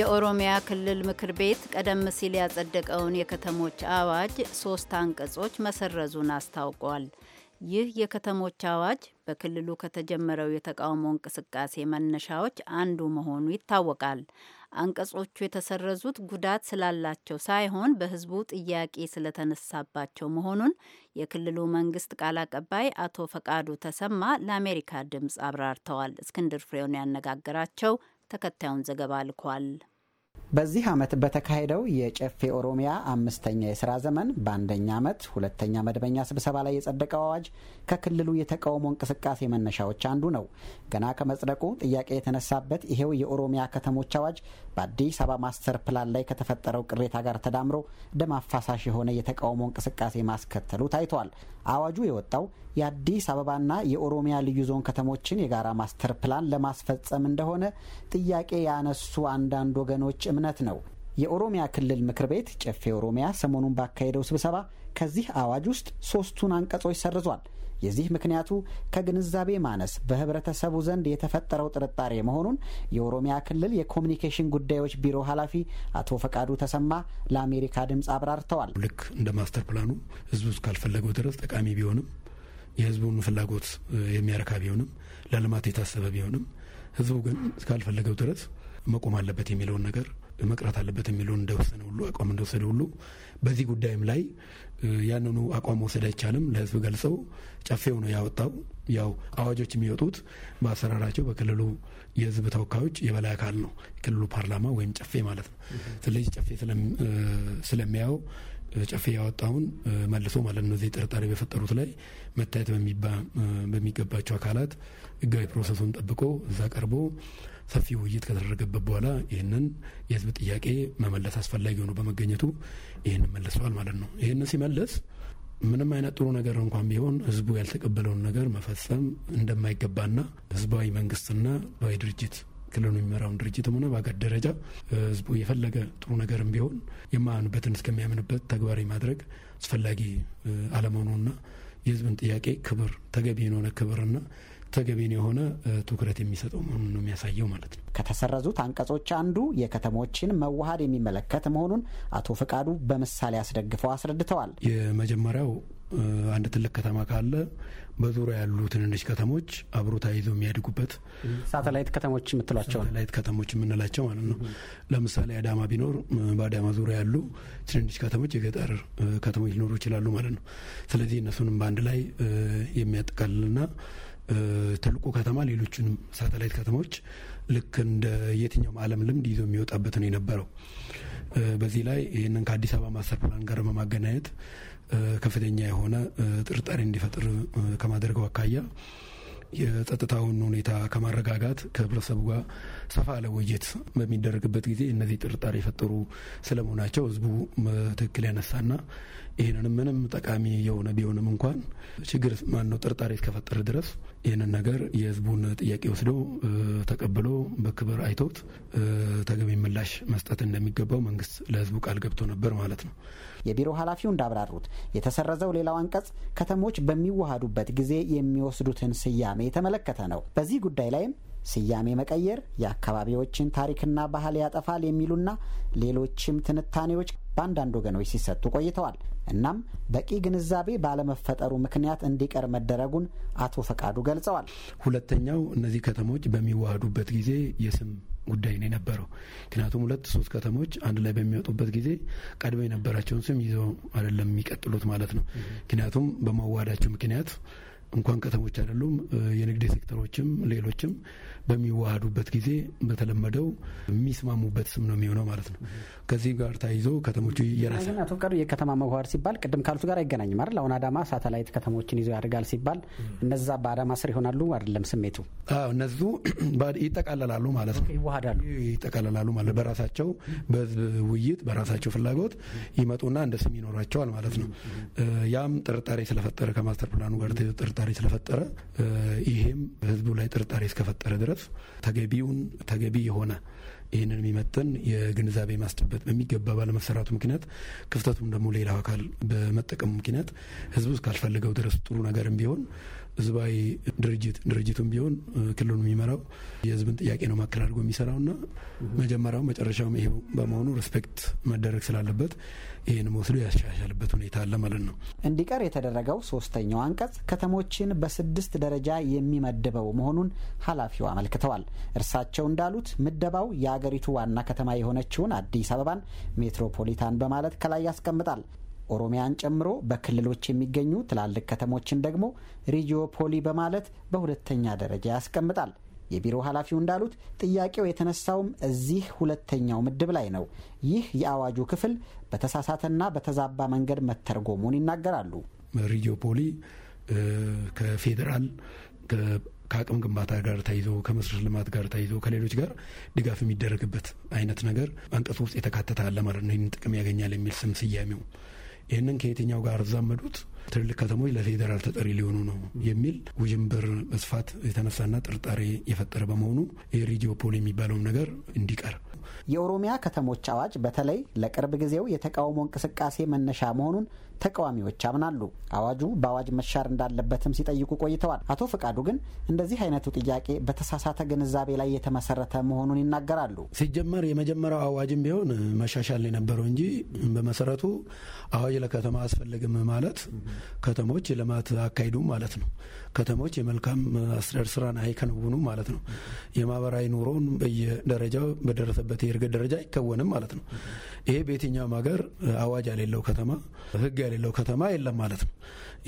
የኦሮሚያ ክልል ምክር ቤት ቀደም ሲል ያጸደቀውን የከተሞች አዋጅ ሶስት አንቀጾች መሰረዙን አስታውቋል። ይህ የከተሞች አዋጅ በክልሉ ከተጀመረው የተቃውሞ እንቅስቃሴ መነሻዎች አንዱ መሆኑ ይታወቃል። አንቀጾቹ የተሰረዙት ጉዳት ስላላቸው ሳይሆን በሕዝቡ ጥያቄ ስለተነሳባቸው መሆኑን የክልሉ መንግስት ቃል አቀባይ አቶ ፈቃዱ ተሰማ ለአሜሪካ ድምፅ አብራርተዋል። እስክንድር ፍሬውን ያነጋገራቸው ተከታዩን ዘገባ ልኳል።
በዚህ ዓመት በተካሄደው የጨፌ ኦሮሚያ አምስተኛ የስራ ዘመን በአንደኛ ዓመት ሁለተኛ መደበኛ ስብሰባ ላይ የጸደቀው አዋጅ ከክልሉ የተቃውሞ እንቅስቃሴ መነሻዎች አንዱ ነው። ገና ከመጽደቁ ጥያቄ የተነሳበት ይሄው የኦሮሚያ ከተሞች አዋጅ በአዲስ አበባ ማስተር ፕላን ላይ ከተፈጠረው ቅሬታ ጋር ተዳምሮ ደም አፋሳሽ የሆነ የተቃውሞ እንቅስቃሴ ማስከተሉ ታይቷል። አዋጁ የወጣው የአዲስ አበባና የኦሮሚያ ልዩ ዞን ከተሞችን የጋራ ማስተር ፕላን ለማስፈጸም እንደሆነ ጥያቄ ያነሱ አንዳንድ ወገኖች እምነት ነው። የኦሮሚያ ክልል ምክር ቤት ጨፌ ኦሮሚያ ሰሞኑን ባካሄደው ስብሰባ ከዚህ አዋጅ ውስጥ ሶስቱን አንቀጾች ሰርዟል። የዚህ ምክንያቱ ከግንዛቤ ማነስ በህብረተሰቡ ዘንድ የተፈጠረው ጥርጣሬ መሆኑን የኦሮሚያ ክልል የኮሚኒኬሽን ጉዳዮች ቢሮ ኃላፊ አቶ ፈቃዱ ተሰማ ለአሜሪካ ድምፅ አብራርተዋል።
ልክ እንደ ማስተር ፕላኑ ህዝቡ እስካልፈለገው ድረስ ጠቃሚ ቢሆንም የህዝቡን ፍላጎት የሚያረካ ቢሆንም ለልማት የታሰበ ቢሆንም ህዝቡ ግን እስካልፈለገው ድረስ መቆም አለበት የሚለውን ነገር መቅረት አለበት የሚለውን እንደወሰነ ሁሉ አቋም እንደወሰደ ሁሉ በዚህ ጉዳይም ላይ ያንኑ አቋም መውሰድ አይቻልም። ለህዝብ ገልጸው ጨፌው ነው ያወጣው። ያው አዋጆች የሚወጡት በአሰራራቸው በክልሉ የህዝብ ተወካዮች የበላይ አካል ነው፣ የክልሉ ፓርላማ ወይም ጨፌ ማለት ነው። ስለዚህ ጨፌ ስለሚያየው ጨፌ ያወጣውን መልሶ ማለት ነው እዚህ ጥርጣሬ በፈጠሩት ላይ መታየት በሚገባቸው አካላት ህጋዊ ፕሮሰሱን ጠብቆ እዛ ቀርቦ ሰፊ ውይይት ከተደረገበት በኋላ ይህንን የህዝብ ጥያቄ መመለስ አስፈላጊ ሆኖ በመገኘቱ ይህን መልሰዋል ማለት ነው። ይህን ሲመለስ ምንም አይነት ጥሩ ነገር እንኳን ቢሆን ህዝቡ ያልተቀበለውን ነገር መፈጸም እንደማይገባና ህዝባዊ መንግስትና ህዝባዊ ድርጅት ክልሉ የሚመራውን ድርጅትም ሆነ በሀገር ደረጃ ህዝቡ የፈለገ ጥሩ ነገርም ቢሆን የማያምንበትን እስከሚያምንበት ተግባራዊ ማድረግ አስፈላጊ አለመሆኑና የህዝብን ጥያቄ ክብር ተገቢ የሆነ ክብርና ተገቢን የሆነ ትኩረት የሚሰጠው መሆኑን ነው የሚያሳየው ማለት ነው።
ከተሰረዙት አንቀጾች አንዱ የከተሞችን መዋሃድ የሚመለከት መሆኑን አቶ ፈቃዱ በምሳሌ አስደግፈው አስረድተዋል።
የመጀመሪያው አንድ ትልቅ ከተማ ካለ በዙሪያ ያሉ ትንንሽ ከተሞች አብሮ ተያይዘው የሚያድጉበት ሳተላይት ከተሞች የምትሏቸው ሳተላይት ከተሞች የምንላቸው ማለት ነው። ለምሳሌ አዳማ ቢኖር በአዳማ ዙሪያ ያሉ ትንንሽ ከተሞች የገጠር ከተሞች ሊኖሩ ይችላሉ ማለት ነው። ስለዚህ እነሱንም በአንድ ላይ የሚያጠቃልልና ትልቁ ከተማ ሌሎቹንም ሳተላይት ከተሞች ልክ እንደ የትኛውም ዓለም ልምድ ይዞ የሚወጣበት ነው የነበረው። በዚህ ላይ ይህንን ከአዲስ አበባ ማስተር ፕላን ጋር በማገናኘት ከፍተኛ የሆነ ጥርጣሬ እንዲፈጥር ከማድረገው አካያ የጸጥታውን ሁኔታ ከማረጋጋት ከህብረተሰቡ ጋር ሰፋ ያለ ውይይት በሚደረግበት ጊዜ እነዚህ ጥርጣሬ የፈጠሩ ስለመሆናቸው ህዝቡ ትክክል ያነሳና ይህንንም ምንም ጠቃሚ የሆነ ቢሆንም እንኳን ችግር ማነው ጥርጣሬ እስከፈጠረ ድረስ ይህንን ነገር የህዝቡን ጥያቄ ወስዶ ተቀብሎ በክብር አይቶት
ተገቢ ምላሽ መስጠት እንደሚገባው መንግስት ለህዝቡ ቃል ገብቶ ነበር ማለት ነው። የቢሮ ኃላፊው እንዳብራሩት የተሰረዘው ሌላው አንቀጽ ከተሞች በሚዋሃዱበት ጊዜ የሚወስዱትን ስያሜ የተመለከተ ነው። በዚህ ጉዳይ ላይም ስያሜ መቀየር የአካባቢዎችን ታሪክና ባህል ያጠፋል የሚሉና ሌሎችም ትንታኔዎች በአንዳንድ ወገኖች ሲሰጡ ቆይተዋል። እናም በቂ ግንዛቤ ባለመፈጠሩ ምክንያት እንዲቀር መደረጉን አቶ ፈቃዱ ገልጸዋል።
ሁለተኛው እነዚህ ከተሞች በሚዋሃዱበት ጊዜ የስም ጉዳይ ነው የነበረው። ምክንያቱም ሁለት ሶስት ከተሞች አንድ ላይ በሚወጡበት ጊዜ ቀድሞ የነበራቸውን ስም ይዘው አይደለም የሚቀጥሉት ማለት ነው። ምክንያቱም በመዋሃዳቸው ምክንያት እንኳን ከተሞች አይደሉም የንግድ ሴክተሮችም ሌሎችም በሚዋሃዱበት ጊዜ በተለመደው የሚስማሙበት ስም ነው የሚሆነው ማለት ነው። ከዚህ ጋር ተያይዞ ከተሞቹ የራሳ
አቶ ፍቃዱ የከተማ መዋሃድ ሲባል ቅድም ካሉት ጋር አይገናኝም አይደል? አሁን አዳማ ሳተላይት ከተሞችን ይዞ ያደርጋል ሲባል እነዛ በአዳማ ስር ይሆናሉ አይደለም? ስሜቱ
እነሱ ይጠቃለላሉ ማለት ነው። ይዋሃዳሉ፣ ይጠቃለላሉ ማለት በራሳቸው በህዝብ ውይይት በራሳቸው ፍላጎት ይመጡና እንደ ስም ይኖራቸዋል ማለት ነው። ያም ጥርጣሬ ስለፈጠረ ከማስተር ፕላኑ ጋር ጥርጣ ጥርጣሬ ስለፈጠረ ይሄም በህዝቡ ላይ ጥርጣሬ እስከፈጠረ ድረስ ተገቢውን ተገቢ የሆነ ይህንን የሚመጥን የግንዛቤ ማስጨበጥ በሚገባ ባለመሰራቱ ምክንያት ክፍተቱም ደግሞ ሌላው አካል በመጠቀሙ ምክንያት ህዝቡ እስካልፈልገው ድረስ ጥሩ ነገርም ቢሆን ህዝባዊ ድርጅት ድርጅቱም ቢሆን ክልሉ የሚመራው የህዝብን ጥያቄ ነው ማከል አድርጎ የሚሰራውና መጀመሪያው መጨረሻውም ይሄው በመሆኑ ሪስፔክት መደረግ ስላለበት ይህን
ወስዶ ያሻሻልበት ሁኔታ አለ ማለት ነው። እንዲቀር የተደረገው ሶስተኛው አንቀጽ ከተሞችን በስድስት ደረጃ የሚመድበው መሆኑን ኃላፊው አመልክተዋል። እርሳቸው እንዳሉት ምደባው የአገሪቱ ዋና ከተማ የሆነችውን አዲስ አበባን ሜትሮፖሊታን በማለት ከላይ ያስቀምጣል። ኦሮሚያን ጨምሮ በክልሎች የሚገኙ ትላልቅ ከተሞችን ደግሞ ሪጂዮፖሊ በማለት በሁለተኛ ደረጃ ያስቀምጣል። የቢሮ ኃላፊው እንዳሉት ጥያቄው የተነሳውም እዚህ ሁለተኛው ምድብ ላይ ነው። ይህ የአዋጁ ክፍል በተሳሳተና በተዛባ መንገድ መተርጎሙን ይናገራሉ።
ሪጂዮ ፖሊ ከፌዴራል ከአቅም ግንባታ ጋር ተይዞ ከመሰረተ ልማት ጋር ተይዞ ከሌሎች ጋር ድጋፍ የሚደረግበት አይነት ነገር አንቀጽ ውስጥ የተካተተ አለ ማለት ነው። ይህንን ጥቅም ያገኛል የሚል ስም ስያሜው ይህንን ከየትኛው ጋር አዛመዱት? ትልልቅ ከተሞች ለፌዴራል ተጠሪ ሊሆኑ ነው የሚል ውዥንብር መስፋት የተነሳና ጥርጣሬ የፈጠረ በመሆኑ የሪጂዮ ፖሊ የሚባለውም ነገር እንዲቀር
የኦሮሚያ ከተሞች አዋጅ በተለይ ለቅርብ ጊዜው የተቃውሞ እንቅስቃሴ መነሻ መሆኑን ተቃዋሚዎች ያምናሉ። አዋጁ በአዋጅ መሻር እንዳለበትም ሲጠይቁ ቆይተዋል። አቶ ፈቃዱ ግን እንደዚህ አይነቱ ጥያቄ በተሳሳተ ግንዛቤ ላይ የተመሰረተ መሆኑን ይናገራሉ።
ሲጀመር የመጀመሪያው አዋጅም ቢሆን መሻሻል የነበረው እንጂ በመሰረቱ አዋጅ ለከተማ አስፈልግም ማለት ከተሞች ልማት አካሂዱ ማለት ነው። ከተሞች የመልካም አስተዳደር ስራን አይከነውኑ ማለት ነው። የማህበራዊ ኑሮን በየደረጃው በደረሰበት የእድገት ደረጃ አይከወንም ማለት ነው። ይሄ በየትኛውም ሀገር አዋጅ የሌለው ከተማ ህግ የሌለው ከተማ የለም ማለት ነው።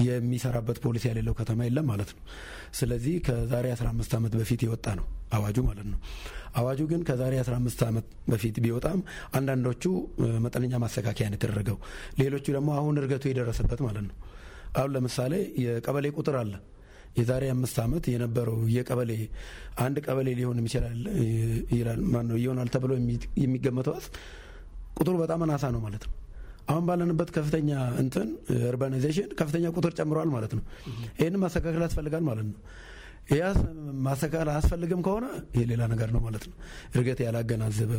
የሚሰራበት ፖሊሲ የሌለው ከተማ የለም ማለት ነው። ስለዚህ ከዛሬ 15 ዓመት በፊት የወጣ ነው አዋጁ ማለት ነው። አዋጁ ግን ከዛሬ 15 ዓመት በፊት ቢወጣም አንዳንዶቹ መጠነኛ ማስተካከያ ነው የተደረገው፣ ሌሎቹ ደግሞ አሁን እድገቱ የደረሰበት ማለት ነው። አሁን ለምሳሌ የቀበሌ ቁጥር አለ። የዛሬ አምስት ዓመት የነበረው የቀበሌ አንድ ቀበሌ ሊሆን ይችላል ይላል ማነው ይሆናል ተብሎ የሚገመተው ቁጥሩ በጣም አናሳ ነው ማለት ነው። አሁን ባለንበት ከፍተኛ እንትን ኡርባናይዜሽን ከፍተኛ ቁጥር ጨምረዋል ማለት ነው። ይህን ማስተካከል ያስፈልጋል ማለት ነው። ያስ ማስተካከል አያስፈልግም ከሆነ ይህ ሌላ ነገር ነው ማለት ነው። እድገት ያላገናዘበ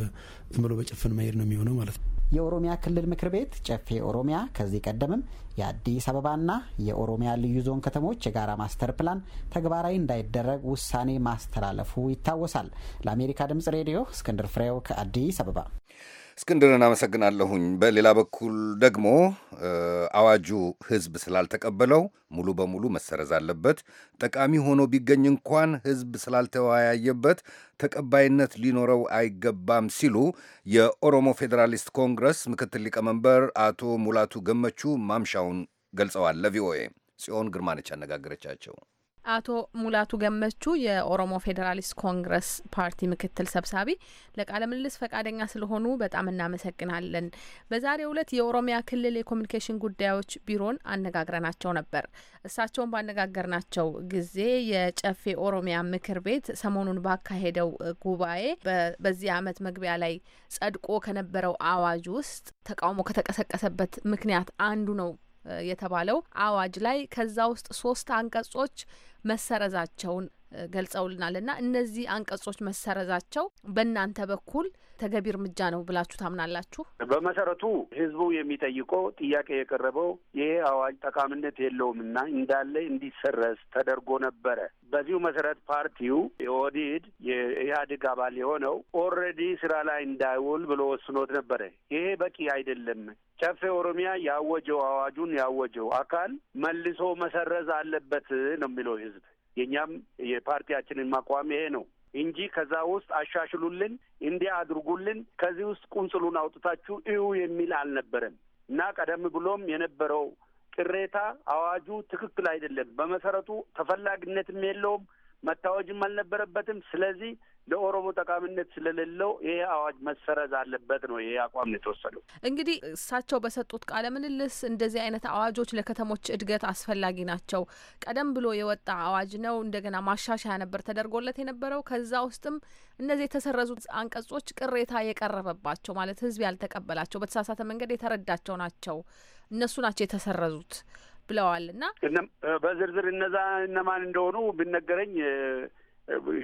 ዝም ብሎ በጭፍን መሄድ ነው
የሚሆነው ማለት ነው። የኦሮሚያ ክልል ምክር ቤት ጨፌ ኦሮሚያ ከዚህ ቀደምም የአዲስ አበባና የኦሮሚያ ልዩ ዞን ከተሞች የጋራ ማስተር ፕላን ተግባራዊ እንዳይደረግ ውሳኔ ማስተላለፉ ይታወሳል። ለአሜሪካ ድምጽ ሬዲዮ እስክንድር ፍሬው ከአዲስ አበባ
እስክንድርን አመሰግናለሁኝ። በሌላ በኩል ደግሞ አዋጁ ህዝብ ስላልተቀበለው ሙሉ በሙሉ መሰረዝ አለበት፣ ጠቃሚ ሆኖ ቢገኝ እንኳን ህዝብ ስላልተወያየበት ተቀባይነት ሊኖረው አይገባም ሲሉ የኦሮሞ ፌዴራሊስት ኮንግረስ ምክትል ሊቀመንበር አቶ ሙላቱ ገመቹ ማምሻውን ገልጸዋል። ለቪኦኤ ጽዮን ግርማነች ያነጋገረቻቸው
አቶ ሙላቱ ገመቹ የኦሮሞ ፌዴራሊስት ኮንግረስ ፓርቲ ምክትል ሰብሳቢ ለቃለ ምልልስ ፈቃደኛ ስለሆኑ በጣም እናመሰግናለን። በዛሬው ዕለት የኦሮሚያ ክልል የኮሚኒኬሽን ጉዳዮች ቢሮን አነጋግረናቸው ነበር። እሳቸውን ባነጋገርናቸው ጊዜ የጨፌ ኦሮሚያ ምክር ቤት ሰሞኑን ባካሄደው ጉባኤ በዚህ ዓመት መግቢያ ላይ ጸድቆ ከነበረው አዋጅ ውስጥ ተቃውሞ ከተቀሰቀሰበት ምክንያት አንዱ ነው የተባለው አዋጅ ላይ ከዛ ውስጥ ሶስት አንቀጾች መሰረዛቸውን ገልጸውልናል እና እነዚህ አንቀጾች መሰረዛቸው በእናንተ በኩል ተገቢ እርምጃ ነው ብላችሁ ታምናላችሁ?
በመሰረቱ ህዝቡ የሚጠይቀው ጥያቄ የቀረበው ይሄ አዋጅ ጠቃሚነት የለውም እና እንዳለ እንዲሰረዝ ተደርጎ ነበረ። በዚሁ መሰረት ፓርቲው የኦዲድ የኢህአዴግ አባል የሆነው ኦልሬዲ ስራ ላይ እንዳይውል ብሎ ወስኖት ነበረ። ይሄ በቂ አይደለም። ጨፌ ኦሮሚያ ያወጀው አዋጁን ያወጀው አካል መልሶ መሰረዝ አለበት ነው የሚለው ህዝብ። የእኛም የፓርቲያችንን ማቋም ይሄ ነው። እንጂ ከዛ ውስጥ አሻሽሉልን፣ እንዲህ አድርጉልን፣ ከዚህ ውስጥ ቁንጽሉን አውጥታችሁ እዩ የሚል አልነበረም እና ቀደም ብሎም የነበረው ቅሬታ አዋጁ ትክክል አይደለም፣ በመሰረቱ ተፈላጊነትም የለውም፣ መታወጅም አልነበረበትም። ስለዚህ ለኦሮሞ ጠቃሚነት ስለሌለው ይሄ አዋጅ መሰረዝ አለበት ነው ይሄ አቋም ነው የተወሰደው።
እንግዲህ እሳቸው በሰጡት ቃለ ምልልስ እንደዚህ አይነት አዋጆች ለከተሞች እድገት አስፈላጊ ናቸው። ቀደም ብሎ የወጣ አዋጅ ነው፣ እንደገና ማሻሻያ ነበር ተደርጎለት የነበረው። ከዛ ውስጥም እነዚህ የተሰረዙት አንቀጾች ቅሬታ የቀረበባቸው ማለት ህዝብ ያልተቀበላቸው በተሳሳተ መንገድ የተረዳቸው ናቸው። እነሱ ናቸው የተሰረዙት ብለዋል። እና
በዝርዝር እነዛ እነማን እንደሆኑ ብነገረኝ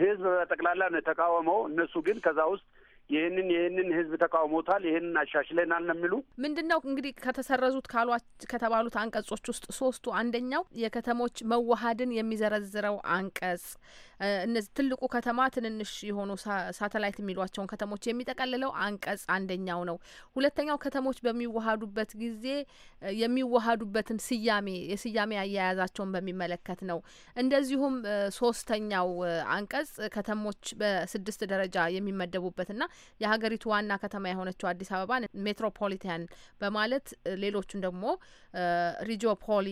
ህዝብ በጠቅላላ ተቃወመው። እነሱ ግን ከዛ ውስጥ ይህንን ይህንን ህዝብ ተቃውሞታል፣ ይህንን አሻሽለናል ነው የሚሉ
ምንድን ነው እንግዲህ ከተሰረዙት ካሏ ከተባሉት አንቀጾች ውስጥ ሶስቱ አንደኛው የከተሞች መዋሀድን የሚዘረዝረው አንቀጽ እነዚህ ትልቁ ከተማ ትንንሽ የሆኑ ሳተላይት የሚሏቸውን ከተሞች የሚጠቀልለው አንቀጽ አንደኛው ነው። ሁለተኛው ከተሞች በሚዋሀዱበት ጊዜ የሚዋሀዱበትን ስያሜ የስያሜ አያያዛቸውን በሚመለከት ነው። እንደዚሁም ሶስተኛው አንቀጽ ከተሞች በስድስት ደረጃ የሚመደቡበትና የሀገሪቱ ዋና ከተማ የሆነችው አዲስ አበባን ሜትሮፖሊታን በማለት ሌሎቹን ደግሞ ሪጂዮፖሊ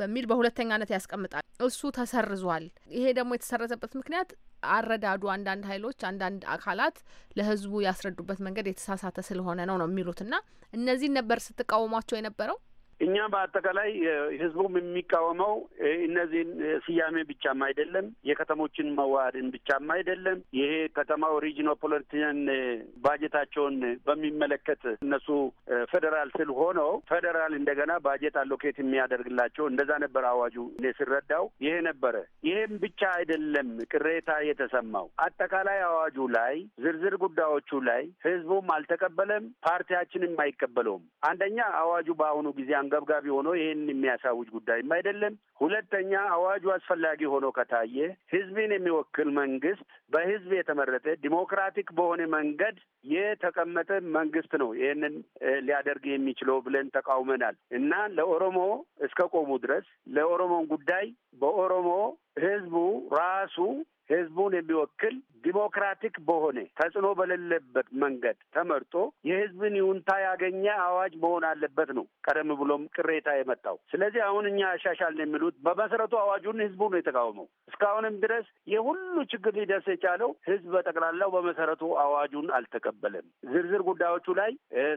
በሚል በሁለተኛነት ያስቀምጣል። እሱ ተሰርዟል። ይሄ ደግሞ የተሰረዘበት ምክንያት አረዳዱ አንዳንድ ኃይሎች አንዳንድ አካላት ለህዝቡ ያስረዱበት መንገድ የተሳሳተ ስለሆነ ነው ነው የሚሉትና እነዚህን ነበር ስትቃወሟቸው የነበረው?
እኛ በአጠቃላይ ህዝቡም የሚቃወመው እነዚህን ስያሜ ብቻም አይደለም፣ የከተሞችን መዋሃድን ብቻም አይደለም። ይሄ ከተማው ሪጅኖ ፖለቲን ባጀታቸውን በሚመለከት እነሱ ፌዴራል ስል ሆኖ ፌዴራል እንደገና ባጀት አሎኬት የሚያደርግላቸው እንደዛ ነበር አዋጁ። ሲረዳው ስረዳው ይሄ ነበረ። ይሄም ብቻ አይደለም ቅሬታ የተሰማው አጠቃላይ አዋጁ ላይ ዝርዝር ጉዳዮቹ ላይ ህዝቡም አልተቀበለም፣ ፓርቲያችንም አይቀበለውም። አንደኛ አዋጁ በአሁኑ ጊዜ አንገብጋቢ ሆኖ ይህን የሚያሳውጅ ጉዳይም አይደለም። ሁለተኛ አዋጁ አስፈላጊ ሆኖ ከታየ ህዝብን የሚወክል መንግስት በህዝብ የተመረጠ ዲሞክራቲክ በሆነ መንገድ የተቀመጠ መንግስት ነው ይህንን ሊያደርግ የሚችለው ብለን ተቃውመናል እና ለኦሮሞ እስከ ቆሙ ድረስ ለኦሮሞን ጉዳይ በኦሮሞ ህዝቡ ራሱ ህዝቡን የሚወክል ዲሞክራቲክ በሆነ ተጽዕኖ በሌለበት መንገድ ተመርጦ የህዝብን ይሁንታ ያገኘ አዋጅ መሆን አለበት ነው ቀደም ብሎም ቅሬታ የመጣው። ስለዚህ አሁን እኛ ያሻሻልን የሚሉት በመሰረቱ አዋጁን ህዝቡ ነው የተቃወመው። እስካሁንም ድረስ የሁሉ ችግር ሊደርስ የቻለው ህዝብ በጠቅላላው በመሰረቱ አዋጁን አልተቀበለም። ዝርዝር ጉዳዮቹ ላይ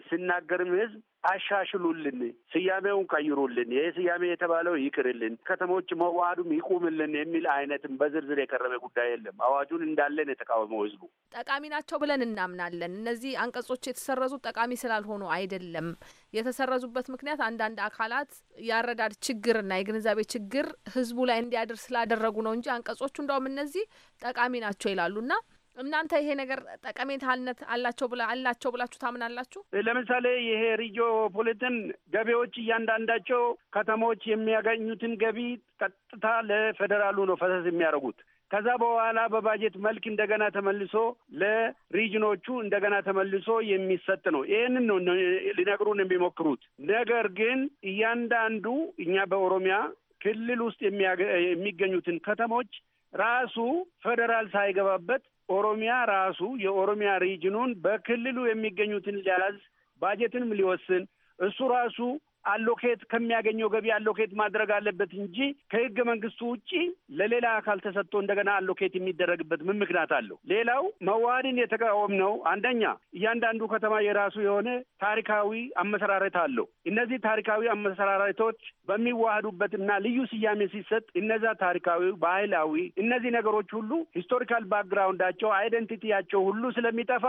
ሲናገርም ህዝብ አሻሽሉልን፣ ስያሜውን ቀይሩልን፣ ይህ ስያሜ የተባለው ይቅርልን፣ ከተሞች መዋሃዱም ይቁምልን የሚል አይነትም በዝርዝር የቀረበ ጉዳይ የለም። አዋጁን እንዳለን የተቃወመው ህዝቡ
ጠቃሚ ናቸው ብለን እናምናለን። እነዚህ አንቀጾች የተሰረዙት ጠቃሚ ስላልሆኑ አይደለም። የተሰረዙበት ምክንያት አንዳንድ አካላት የአረዳድ ችግርና የግንዛቤ ችግር ህዝቡ ላይ እንዲያድር ስላደረጉ ነው እንጂ አንቀጾቹ እንደውም እነዚህ ጠቃሚ ናቸው ይላሉና እናንተ ይሄ ነገር ጠቀሜታነት አላቸው ብላ አላቸው ብላችሁ ታምናላችሁ?
ለምሳሌ ይሄ ሪጂዮ ፖሊትን ገቢዎች እያንዳንዳቸው ከተሞች የሚያገኙትን ገቢ ቀጥታ ለፌዴራሉ ነው ፈሰስ የሚያደርጉት። ከዛ በኋላ በባጀት መልክ እንደገና ተመልሶ ለሪጅኖቹ እንደገና ተመልሶ የሚሰጥ ነው። ይህንን ነው ሊነግሩን የሚሞክሩት። ነገር ግን እያንዳንዱ እኛ በኦሮሚያ ክልል ውስጥ የሚገኙትን ከተሞች ራሱ ፌዴራል ሳይገባበት ኦሮሚያ ራሱ የኦሮሚያ ሪጅኑን በክልሉ የሚገኙትን ሊያዝ ባጀትንም ሊወስን እሱ ራሱ አሎኬት ከሚያገኘው ገቢ አሎኬት ማድረግ አለበት እንጂ ከህገ መንግስቱ ውጭ ለሌላ አካል ተሰጥቶ እንደገና አሎኬት የሚደረግበት ምን ምክንያት አለው? ሌላው መዋሃድን ነው። አንደኛ እያንዳንዱ ከተማ የራሱ የሆነ ታሪካዊ አመሰራረት አለው። እነዚህ ታሪካዊ አመሰራረቶች በሚዋሃዱበትና ልዩ ስያሜ ሲሰጥ እነዛ ታሪካዊ፣ ባህላዊ እነዚህ ነገሮች ሁሉ ሂስቶሪካል ባክግራውንዳቸው አይደንቲቲያቸው ሁሉ ስለሚጠፋ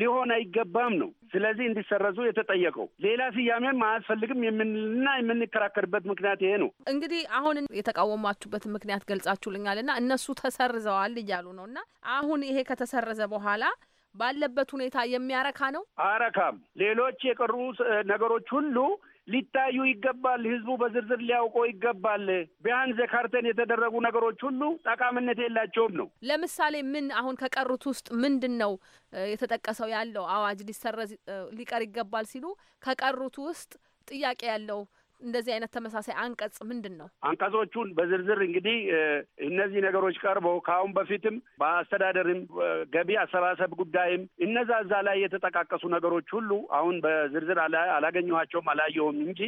ሊሆን አይገባም ነው። ስለዚህ እንዲሰረዙ የተጠየቀው ሌላ ስያሜም አያስፈልግም የምንልና የምንከራከርበት ምክንያት ይሄ ነው።
እንግዲህ አሁን የተቃወማችሁበትን ምክንያት ገልጻችሁልኛል እና እነሱ ተሰርዘዋል እያሉ ነው እና አሁን ይሄ ከተሰረዘ በኋላ ባለበት ሁኔታ የሚያረካ ነው
አረካም ሌሎች የቀሩ ነገሮች ሁሉ ሊታዩ ይገባል። ህዝቡ በዝርዝር ሊያውቀው ይገባል። ቢያን ዘካርተን የተደረጉ ነገሮች ሁሉ ጠቃሚነት የላቸውም ነው።
ለምሳሌ ምን አሁን ከቀሩት ውስጥ ምንድን ነው የተጠቀሰው ያለው አዋጅ ሊሰረዝ ሊቀር ይገባል ሲሉ ከቀሩት ውስጥ ጥያቄ ያለው እንደዚህ አይነት ተመሳሳይ አንቀጽ ምንድን ነው?
አንቀጾቹን በዝርዝር እንግዲህ እነዚህ ነገሮች ቀርበው ከአሁን በፊትም በአስተዳደርም ገቢ አሰባሰብ ጉዳይም እነዛ እዛ ላይ የተጠቃቀሱ ነገሮች ሁሉ አሁን በዝርዝር አላገኘኋቸውም አላየውም እንጂ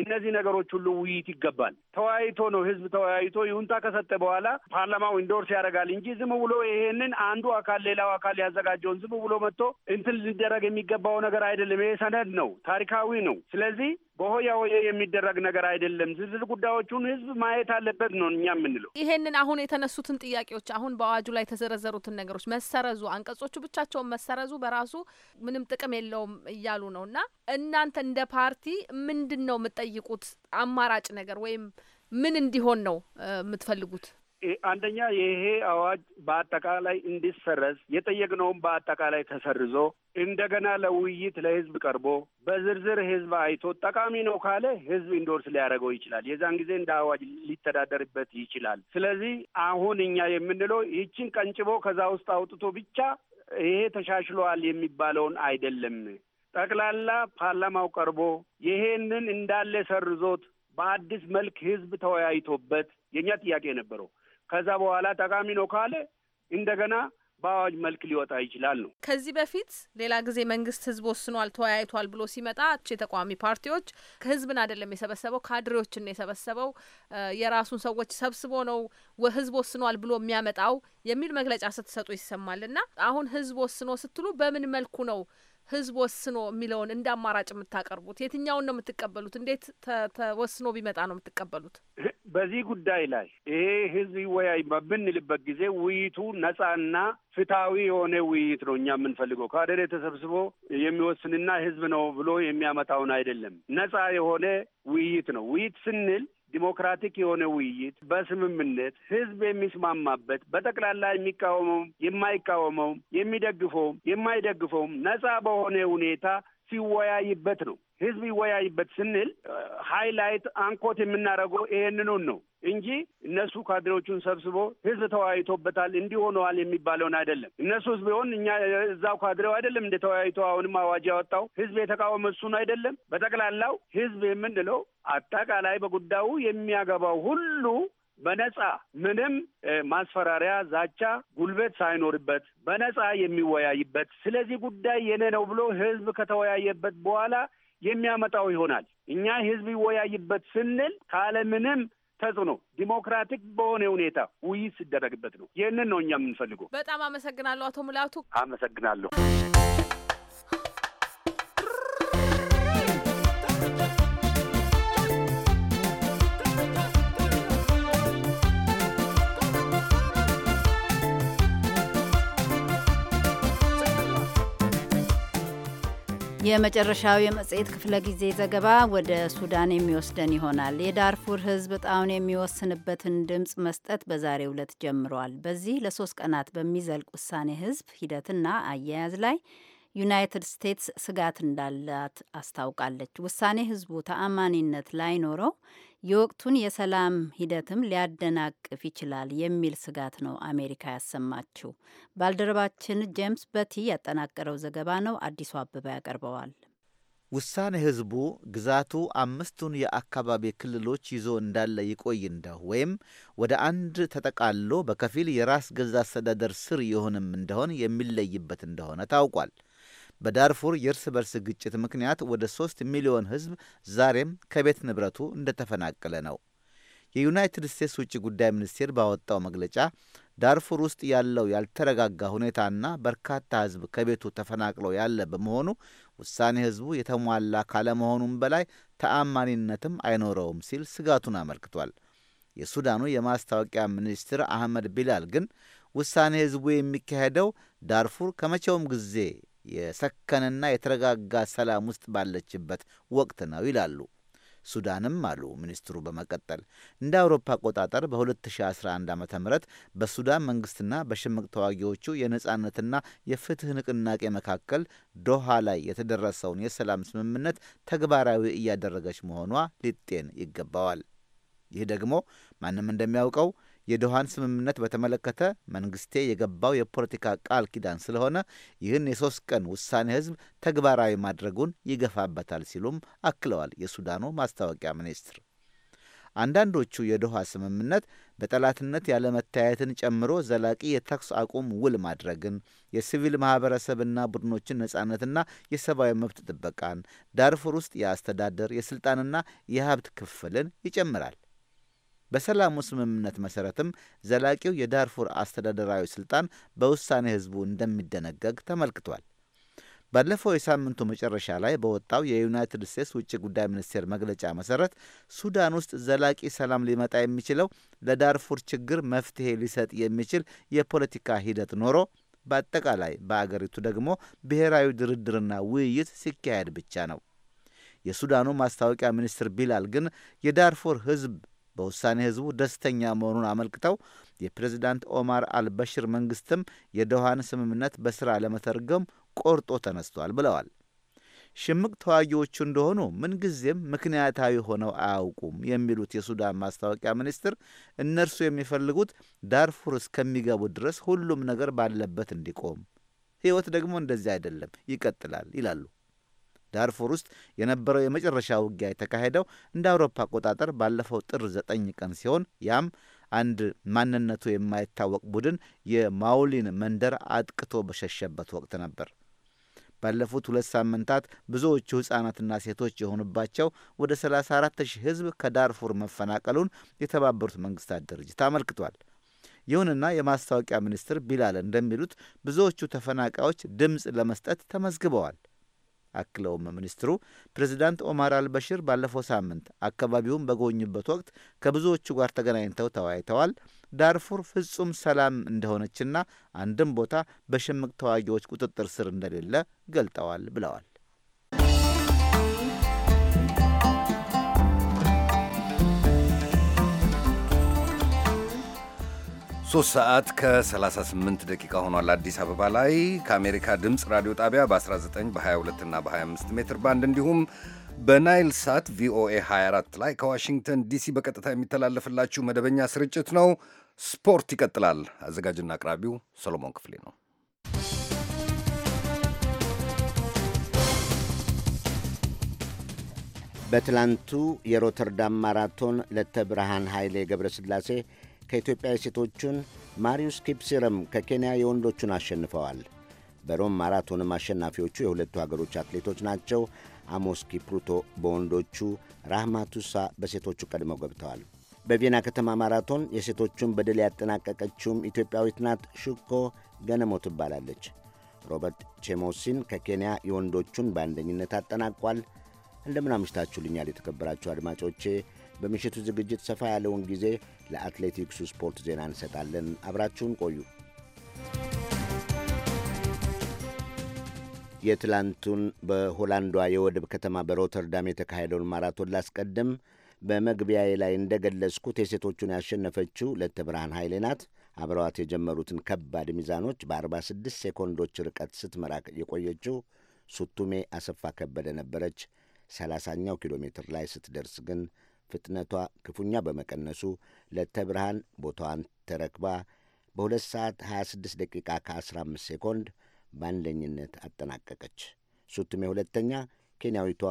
እነዚህ ነገሮች ሁሉ ውይይት ይገባል። ተወያይቶ ነው ህዝብ ተወያይቶ ይሁንታ ከሰጠ በኋላ ፓርላማው ኢንዶርስ ያደርጋል እንጂ ዝም ብሎ ይሄንን አንዱ አካል ሌላው አካል ያዘጋጀውን ዝም ብሎ መጥቶ እንትን ሊደረግ የሚገባው ነገር አይደለም። ይሄ ሰነድ ነው፣ ታሪካዊ ነው። ስለዚህ በሆያ ሆዬ የሚደረግ ነገር አይደለም። ዝርዝር ጉዳዮቹን ህዝብ ማየት አለበት ነው እኛ የምንለው።
ይሄንን አሁን የተነሱትን ጥያቄዎች አሁን በአዋጁ ላይ የተዘረዘሩትን ነገሮች መሰረዙ፣ አንቀጾቹ ብቻቸውን መሰረዙ በራሱ ምንም ጥቅም የለውም እያሉ ነው እና እናንተ እንደ ፓርቲ ምንድን ነው የምትጠይቁት አማራጭ ነገር ወይም ምን እንዲሆን ነው የምትፈልጉት?
አንደኛ ይሄ አዋጅ በአጠቃላይ እንዲሰረዝ የጠየቅነውም በአጠቃላይ ተሰርዞ እንደገና ለውይይት ለህዝብ ቀርቦ በዝርዝር ህዝብ አይቶ ጠቃሚ ነው ካለ ህዝብ ኢንዶርስ ሊያደርገው ይችላል። የዛን ጊዜ እንደ አዋጅ ሊተዳደርበት ይችላል። ስለዚህ አሁን እኛ የምንለው ይህችን ቀንጭቦ ከዛ ውስጥ አውጥቶ ብቻ ይሄ ተሻሽሏል የሚባለውን አይደለም። ጠቅላላ ፓርላማው ቀርቦ ይሄንን እንዳለ ሰርዞት በአዲስ መልክ ህዝብ ተወያይቶበት የእኛ ጥያቄ ነበረው። ከዛ በኋላ ጠቃሚ ነው ካለ እንደገና በአዋጅ መልክ ሊወጣ ይችላል ነው።
ከዚህ በፊት ሌላ ጊዜ መንግስት ህዝብ ወስኗል ተወያይቷል ብሎ ሲመጣ የተቃዋሚ ፓርቲዎች ህዝብን አይደለም የሰበሰበው ካድሬዎችን ነው የሰበሰበው የራሱን ሰዎች ሰብስቦ ነው ህዝብ ወስኗል ብሎ የሚያመጣው የሚል መግለጫ ስትሰጡ ይሰማል። እና አሁን ህዝብ ወስኖ ስትሉ በምን መልኩ ነው ህዝብ ወስኖ የሚለውን እንደ አማራጭ የምታቀርቡት የትኛውን ነው የምትቀበሉት? እንዴት ተወስኖ ቢመጣ ነው የምትቀበሉት?
በዚህ ጉዳይ ላይ ይሄ ህዝብ ይወያይ በምንልበት ጊዜ ውይይቱ ነጻና ፍትሐዊ የሆነ ውይይት ነው እኛ የምንፈልገው። ካደሬ ተሰብስቦ የሚወስንና ህዝብ ነው ብሎ የሚያመጣውን አይደለም። ነጻ የሆነ ውይይት ነው። ውይይት ስንል ዲሞክራቲክ የሆነ ውይይት በስምምነት ህዝብ የሚስማማበት በጠቅላላ የሚቃወመውም የማይቃወመውም የሚደግፈውም የማይደግፈውም ነጻ በሆነ ሁኔታ ሲወያይበት ነው። ህዝብ ይወያይበት ስንል ሃይላይት አንኮት የምናደርገው ይሄንኑን ነው። እንጂ እነሱ ካድሬዎቹን ሰብስቦ ህዝብ ተወያይቶበታል እንዲሆነዋል የሚባለውን አይደለም። እነሱ ህዝብ ቢሆን እኛ እዛው ካድሬው አይደለም እንደ ተወያይቶ አሁንም አዋጅ ያወጣው ህዝብ የተቃወመ እሱን አይደለም። በጠቅላላው ህዝብ የምንለው አጠቃላይ በጉዳዩ የሚያገባው ሁሉ በነጻ ምንም ማስፈራሪያ፣ ዛቻ፣ ጉልበት ሳይኖርበት በነጻ የሚወያይበት ስለዚህ ጉዳይ የኔ ነው ብሎ ህዝብ ከተወያየበት በኋላ የሚያመጣው ይሆናል። እኛ ህዝብ ይወያይበት ስንል ካለምንም ተጽዕኖ ዲሞክራቲክ በሆነ ሁኔታ ውይይት ሲደረግበት ነው። ይህንን ነው እኛ የምንፈልገው።
በጣም አመሰግናለሁ አቶ ሙላቱ።
አመሰግናለሁ።
የመጨረሻው የመጽሔት ክፍለ ጊዜ ዘገባ ወደ ሱዳን የሚወስደን ይሆናል። የዳርፉር ሕዝብ ዕጣውን የሚወስንበትን ድምፅ መስጠት በዛሬው ዕለት ጀምሯል። በዚህ ለሶስት ቀናት በሚዘልቅ ውሳኔ ሕዝብ ሂደትና አያያዝ ላይ ዩናይትድ ስቴትስ ስጋት እንዳላት አስታውቃለች። ውሳኔ ሕዝቡ ተአማኒነት ላይኖረው የወቅቱን የሰላም ሂደትም ሊያደናቅፍ ይችላል የሚል ስጋት ነው አሜሪካ ያሰማችው። ባልደረባችን ጄምስ በቲ ያጠናቀረው ዘገባ ነው፣ አዲሱ አበባ ያቀርበዋል።
ውሳኔ ህዝቡ ግዛቱ አምስቱን የአካባቢ ክልሎች ይዞ እንዳለ ይቆይ እንደሁ ወይም ወደ አንድ ተጠቃሎ በከፊል የራስ ገዛ አስተዳደር ስር ይሆንም እንደሆን የሚለይበት እንደሆነ ታውቋል። በዳርፉር የእርስ በርስ ግጭት ምክንያት ወደ ሦስት ሚሊዮን ሕዝብ ዛሬም ከቤት ንብረቱ እንደተፈናቀለ ነው። የዩናይትድ ስቴትስ ውጭ ጉዳይ ሚኒስቴር ባወጣው መግለጫ ዳርፉር ውስጥ ያለው ያልተረጋጋ ሁኔታና በርካታ ሕዝብ ከቤቱ ተፈናቅሎ ያለ በመሆኑ ውሳኔ ሕዝቡ የተሟላ ካለመሆኑም በላይ ተአማኒነትም አይኖረውም ሲል ስጋቱን አመልክቷል። የሱዳኑ የማስታወቂያ ሚኒስትር አህመድ ቢላል ግን ውሳኔ ሕዝቡ የሚካሄደው ዳርፉር ከመቼውም ጊዜ የሰከነና የተረጋጋ ሰላም ውስጥ ባለችበት ወቅት ነው ይላሉ። ሱዳንም አሉ ሚኒስትሩ በመቀጠል እንደ አውሮፓ አቆጣጠር በ2011 ዓ ም በሱዳን መንግስትና በሽምቅ ተዋጊዎቹ የነጻነትና የፍትህ ንቅናቄ መካከል ዶሃ ላይ የተደረሰውን የሰላም ስምምነት ተግባራዊ እያደረገች መሆኗ ሊጤን ይገባዋል። ይህ ደግሞ ማንም እንደሚያውቀው የዶሃን ስምምነት በተመለከተ መንግስቴ የገባው የፖለቲካ ቃል ኪዳን ስለሆነ ይህን የሶስት ቀን ውሳኔ ህዝብ ተግባራዊ ማድረጉን ይገፋበታል ሲሉም አክለዋል። የሱዳኑ ማስታወቂያ ሚኒስትር አንዳንዶቹ የዶሃ ስምምነት በጠላትነት ያለመታየትን ጨምሮ ዘላቂ የተኩስ አቁም ውል ማድረግን፣ የሲቪል ማኅበረሰብና ቡድኖችን ነጻነትና የሰብአዊ መብት ጥበቃን፣ ዳርፉር ውስጥ የአስተዳደር የሥልጣንና የሀብት ክፍልን ይጨምራል። በሰላሙ ስምምነት መሰረትም ዘላቂው የዳርፉር አስተዳደራዊ ስልጣን በውሳኔ ህዝቡ እንደሚደነገግ ተመልክቷል። ባለፈው የሳምንቱ መጨረሻ ላይ በወጣው የዩናይትድ ስቴትስ ውጭ ጉዳይ ሚኒስቴር መግለጫ መሰረት ሱዳን ውስጥ ዘላቂ ሰላም ሊመጣ የሚችለው ለዳርፉር ችግር መፍትሄ ሊሰጥ የሚችል የፖለቲካ ሂደት ኖሮ በአጠቃላይ በአገሪቱ ደግሞ ብሔራዊ ድርድርና ውይይት ሲካሄድ ብቻ ነው። የሱዳኑ ማስታወቂያ ሚኒስትር ቢላል ግን የዳርፉር ህዝብ በውሳኔ ህዝቡ ደስተኛ መሆኑን አመልክተው የፕሬዚዳንት ኦማር አልበሽር መንግስትም የዶሃን ስምምነት በሥራ ለመተርገም ቆርጦ ተነስቷል ብለዋል። ሽምቅ ተዋጊዎቹ እንደሆኑ ምንጊዜም ምክንያታዊ ሆነው አያውቁም የሚሉት የሱዳን ማስታወቂያ ሚኒስትር እነርሱ የሚፈልጉት ዳርፉር እስከሚገቡ ድረስ ሁሉም ነገር ባለበት እንዲቆም፣ ሕይወት ደግሞ እንደዚህ አይደለም ይቀጥላል ይላሉ። ዳርፉር ውስጥ የነበረው የመጨረሻ ውጊያ የተካሄደው እንደ አውሮፓ አቆጣጠር ባለፈው ጥር ዘጠኝ ቀን ሲሆን ያም አንድ ማንነቱ የማይታወቅ ቡድን የማውሊን መንደር አጥቅቶ በሸሸበት ወቅት ነበር። ባለፉት ሁለት ሳምንታት ብዙዎቹ ሕፃናትና ሴቶች የሆኑባቸው ወደ 34 ሺህ ሕዝብ ከዳርፉር መፈናቀሉን የተባበሩት መንግስታት ድርጅት አመልክቷል። ይሁንና የማስታወቂያ ሚኒስትር ቢላል እንደሚሉት ብዙዎቹ ተፈናቃዮች ድምፅ ለመስጠት ተመዝግበዋል። አክለውም ሚኒስትሩ ፕሬዚዳንት ኦማር አልበሽር ባለፈው ሳምንት አካባቢውን በጎኙበት ወቅት ከብዙዎቹ ጋር ተገናኝተው ተወያይተዋል። ዳርፉር ፍጹም ሰላም እንደሆነችና አንድም ቦታ በሽምቅ ተዋጊዎች ቁጥጥር ስር እንደሌለ ገልጠዋል ብለዋል።
ሶስት ሰዓት ከ38 ደቂቃ ሆኗል። አዲስ አበባ ላይ ከአሜሪካ ድምፅ ራዲዮ ጣቢያ በ19 በ22 እና በ25 ሜትር ባንድ እንዲሁም በናይል ሳት ቪኦኤ 24 ላይ ከዋሽንግተን ዲሲ በቀጥታ የሚተላለፍላችሁ መደበኛ ስርጭት ነው። ስፖርት ይቀጥላል። አዘጋጅና አቅራቢው ሰሎሞን ክፍሌ ነው።
በትላንቱ የሮተርዳም ማራቶን ለተብርሃን ኃይሌ ገብረስላሴ ከኢትዮጵያ የሴቶቹን ማሪዩስ ኪፕሲረም ከኬንያ የወንዶቹን አሸንፈዋል። በሮም ማራቶንም አሸናፊዎቹ የሁለቱ አገሮች አትሌቶች ናቸው። አሞስ ኪፕሩቶ በወንዶቹ፣ ራህማቱሳ በሴቶቹ ቀድመው ገብተዋል። በቪየና ከተማ ማራቶን የሴቶቹን በድል ያጠናቀቀችውም ኢትዮጵያዊት ናት። ሹኮ ገነሞ ትባላለች። ሮበርት ቼሞሲን ከኬንያ የወንዶቹን በአንደኝነት አጠናቋል። እንደምን አምሽታችሁልኛል የተከበራችሁ አድማጮቼ። በምሽቱ ዝግጅት ሰፋ ያለውን ጊዜ ለአትሌቲክሱ ስፖርት ዜና እንሰጣለን። አብራችሁን ቆዩ። የትላንቱን በሆላንዷ የወደብ ከተማ በሮተርዳም የተካሄደውን ማራቶን ላስቀድም። በመግቢያዬ ላይ እንደገለጽኩት የሴቶቹን ያሸነፈችው ለተብርሃን ኃይሌ ናት። አብረዋት የጀመሩትን ከባድ ሚዛኖች በ46 ሴኮንዶች ርቀት ስትመራ የቆየችው ሱቱሜ አሰፋ ከበደ ነበረች። 30ኛው ኪሎ ሜትር ላይ ስትደርስ ግን ፍጥነቷ ክፉኛ በመቀነሱ ለተብርሃን ቦታዋን ተረክባ በ2 ሰዓት 26 ደቂቃ ከ15 ሴኮንድ በአንደኝነት አጠናቀቀች። ሱትሜ ሁለተኛ፣ ኬንያዊቷ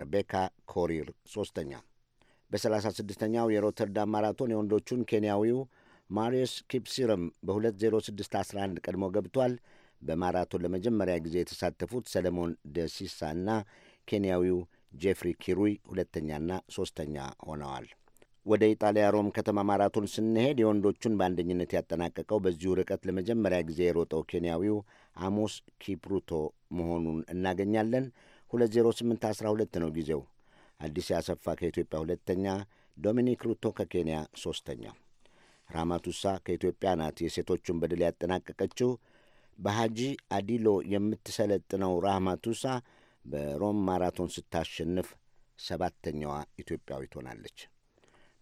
ሬቤካ ኮሪር ሦስተኛ። በ36ኛው የሮተርዳም ማራቶን የወንዶቹን ኬንያዊው ማሪዮስ ኪፕሲረም በ20611 ቀድሞ ገብቷል። በማራቶን ለመጀመሪያ ጊዜ የተሳተፉት ሰለሞን ደሲሳ እና ኬንያዊው ጄፍሪ ኪሩይ ሁለተኛና ሦስተኛ ሆነዋል። ወደ ኢጣሊያ ሮም ከተማ ማራቶን ስንሄድ የወንዶቹን በአንደኝነት ያጠናቀቀው በዚሁ ርቀት ለመጀመሪያ ጊዜ የሮጠው ኬንያዊው አሞስ ኪፕሩቶ መሆኑን እናገኛለን። 20812 ነው ጊዜው። አዲስ ያሰፋ ከኢትዮጵያ ሁለተኛ፣ ዶሚኒክ ሩቶ ከኬንያ ሦስተኛ። ራማቱሳ ከኢትዮጵያ ናት የሴቶቹን በድል ያጠናቀቀችው። በሐጂ አዲሎ የምትሰለጥነው ራማቱሳ በሮም ማራቶን ስታሸንፍ ሰባተኛዋ ኢትዮጵያዊ ትሆናለች።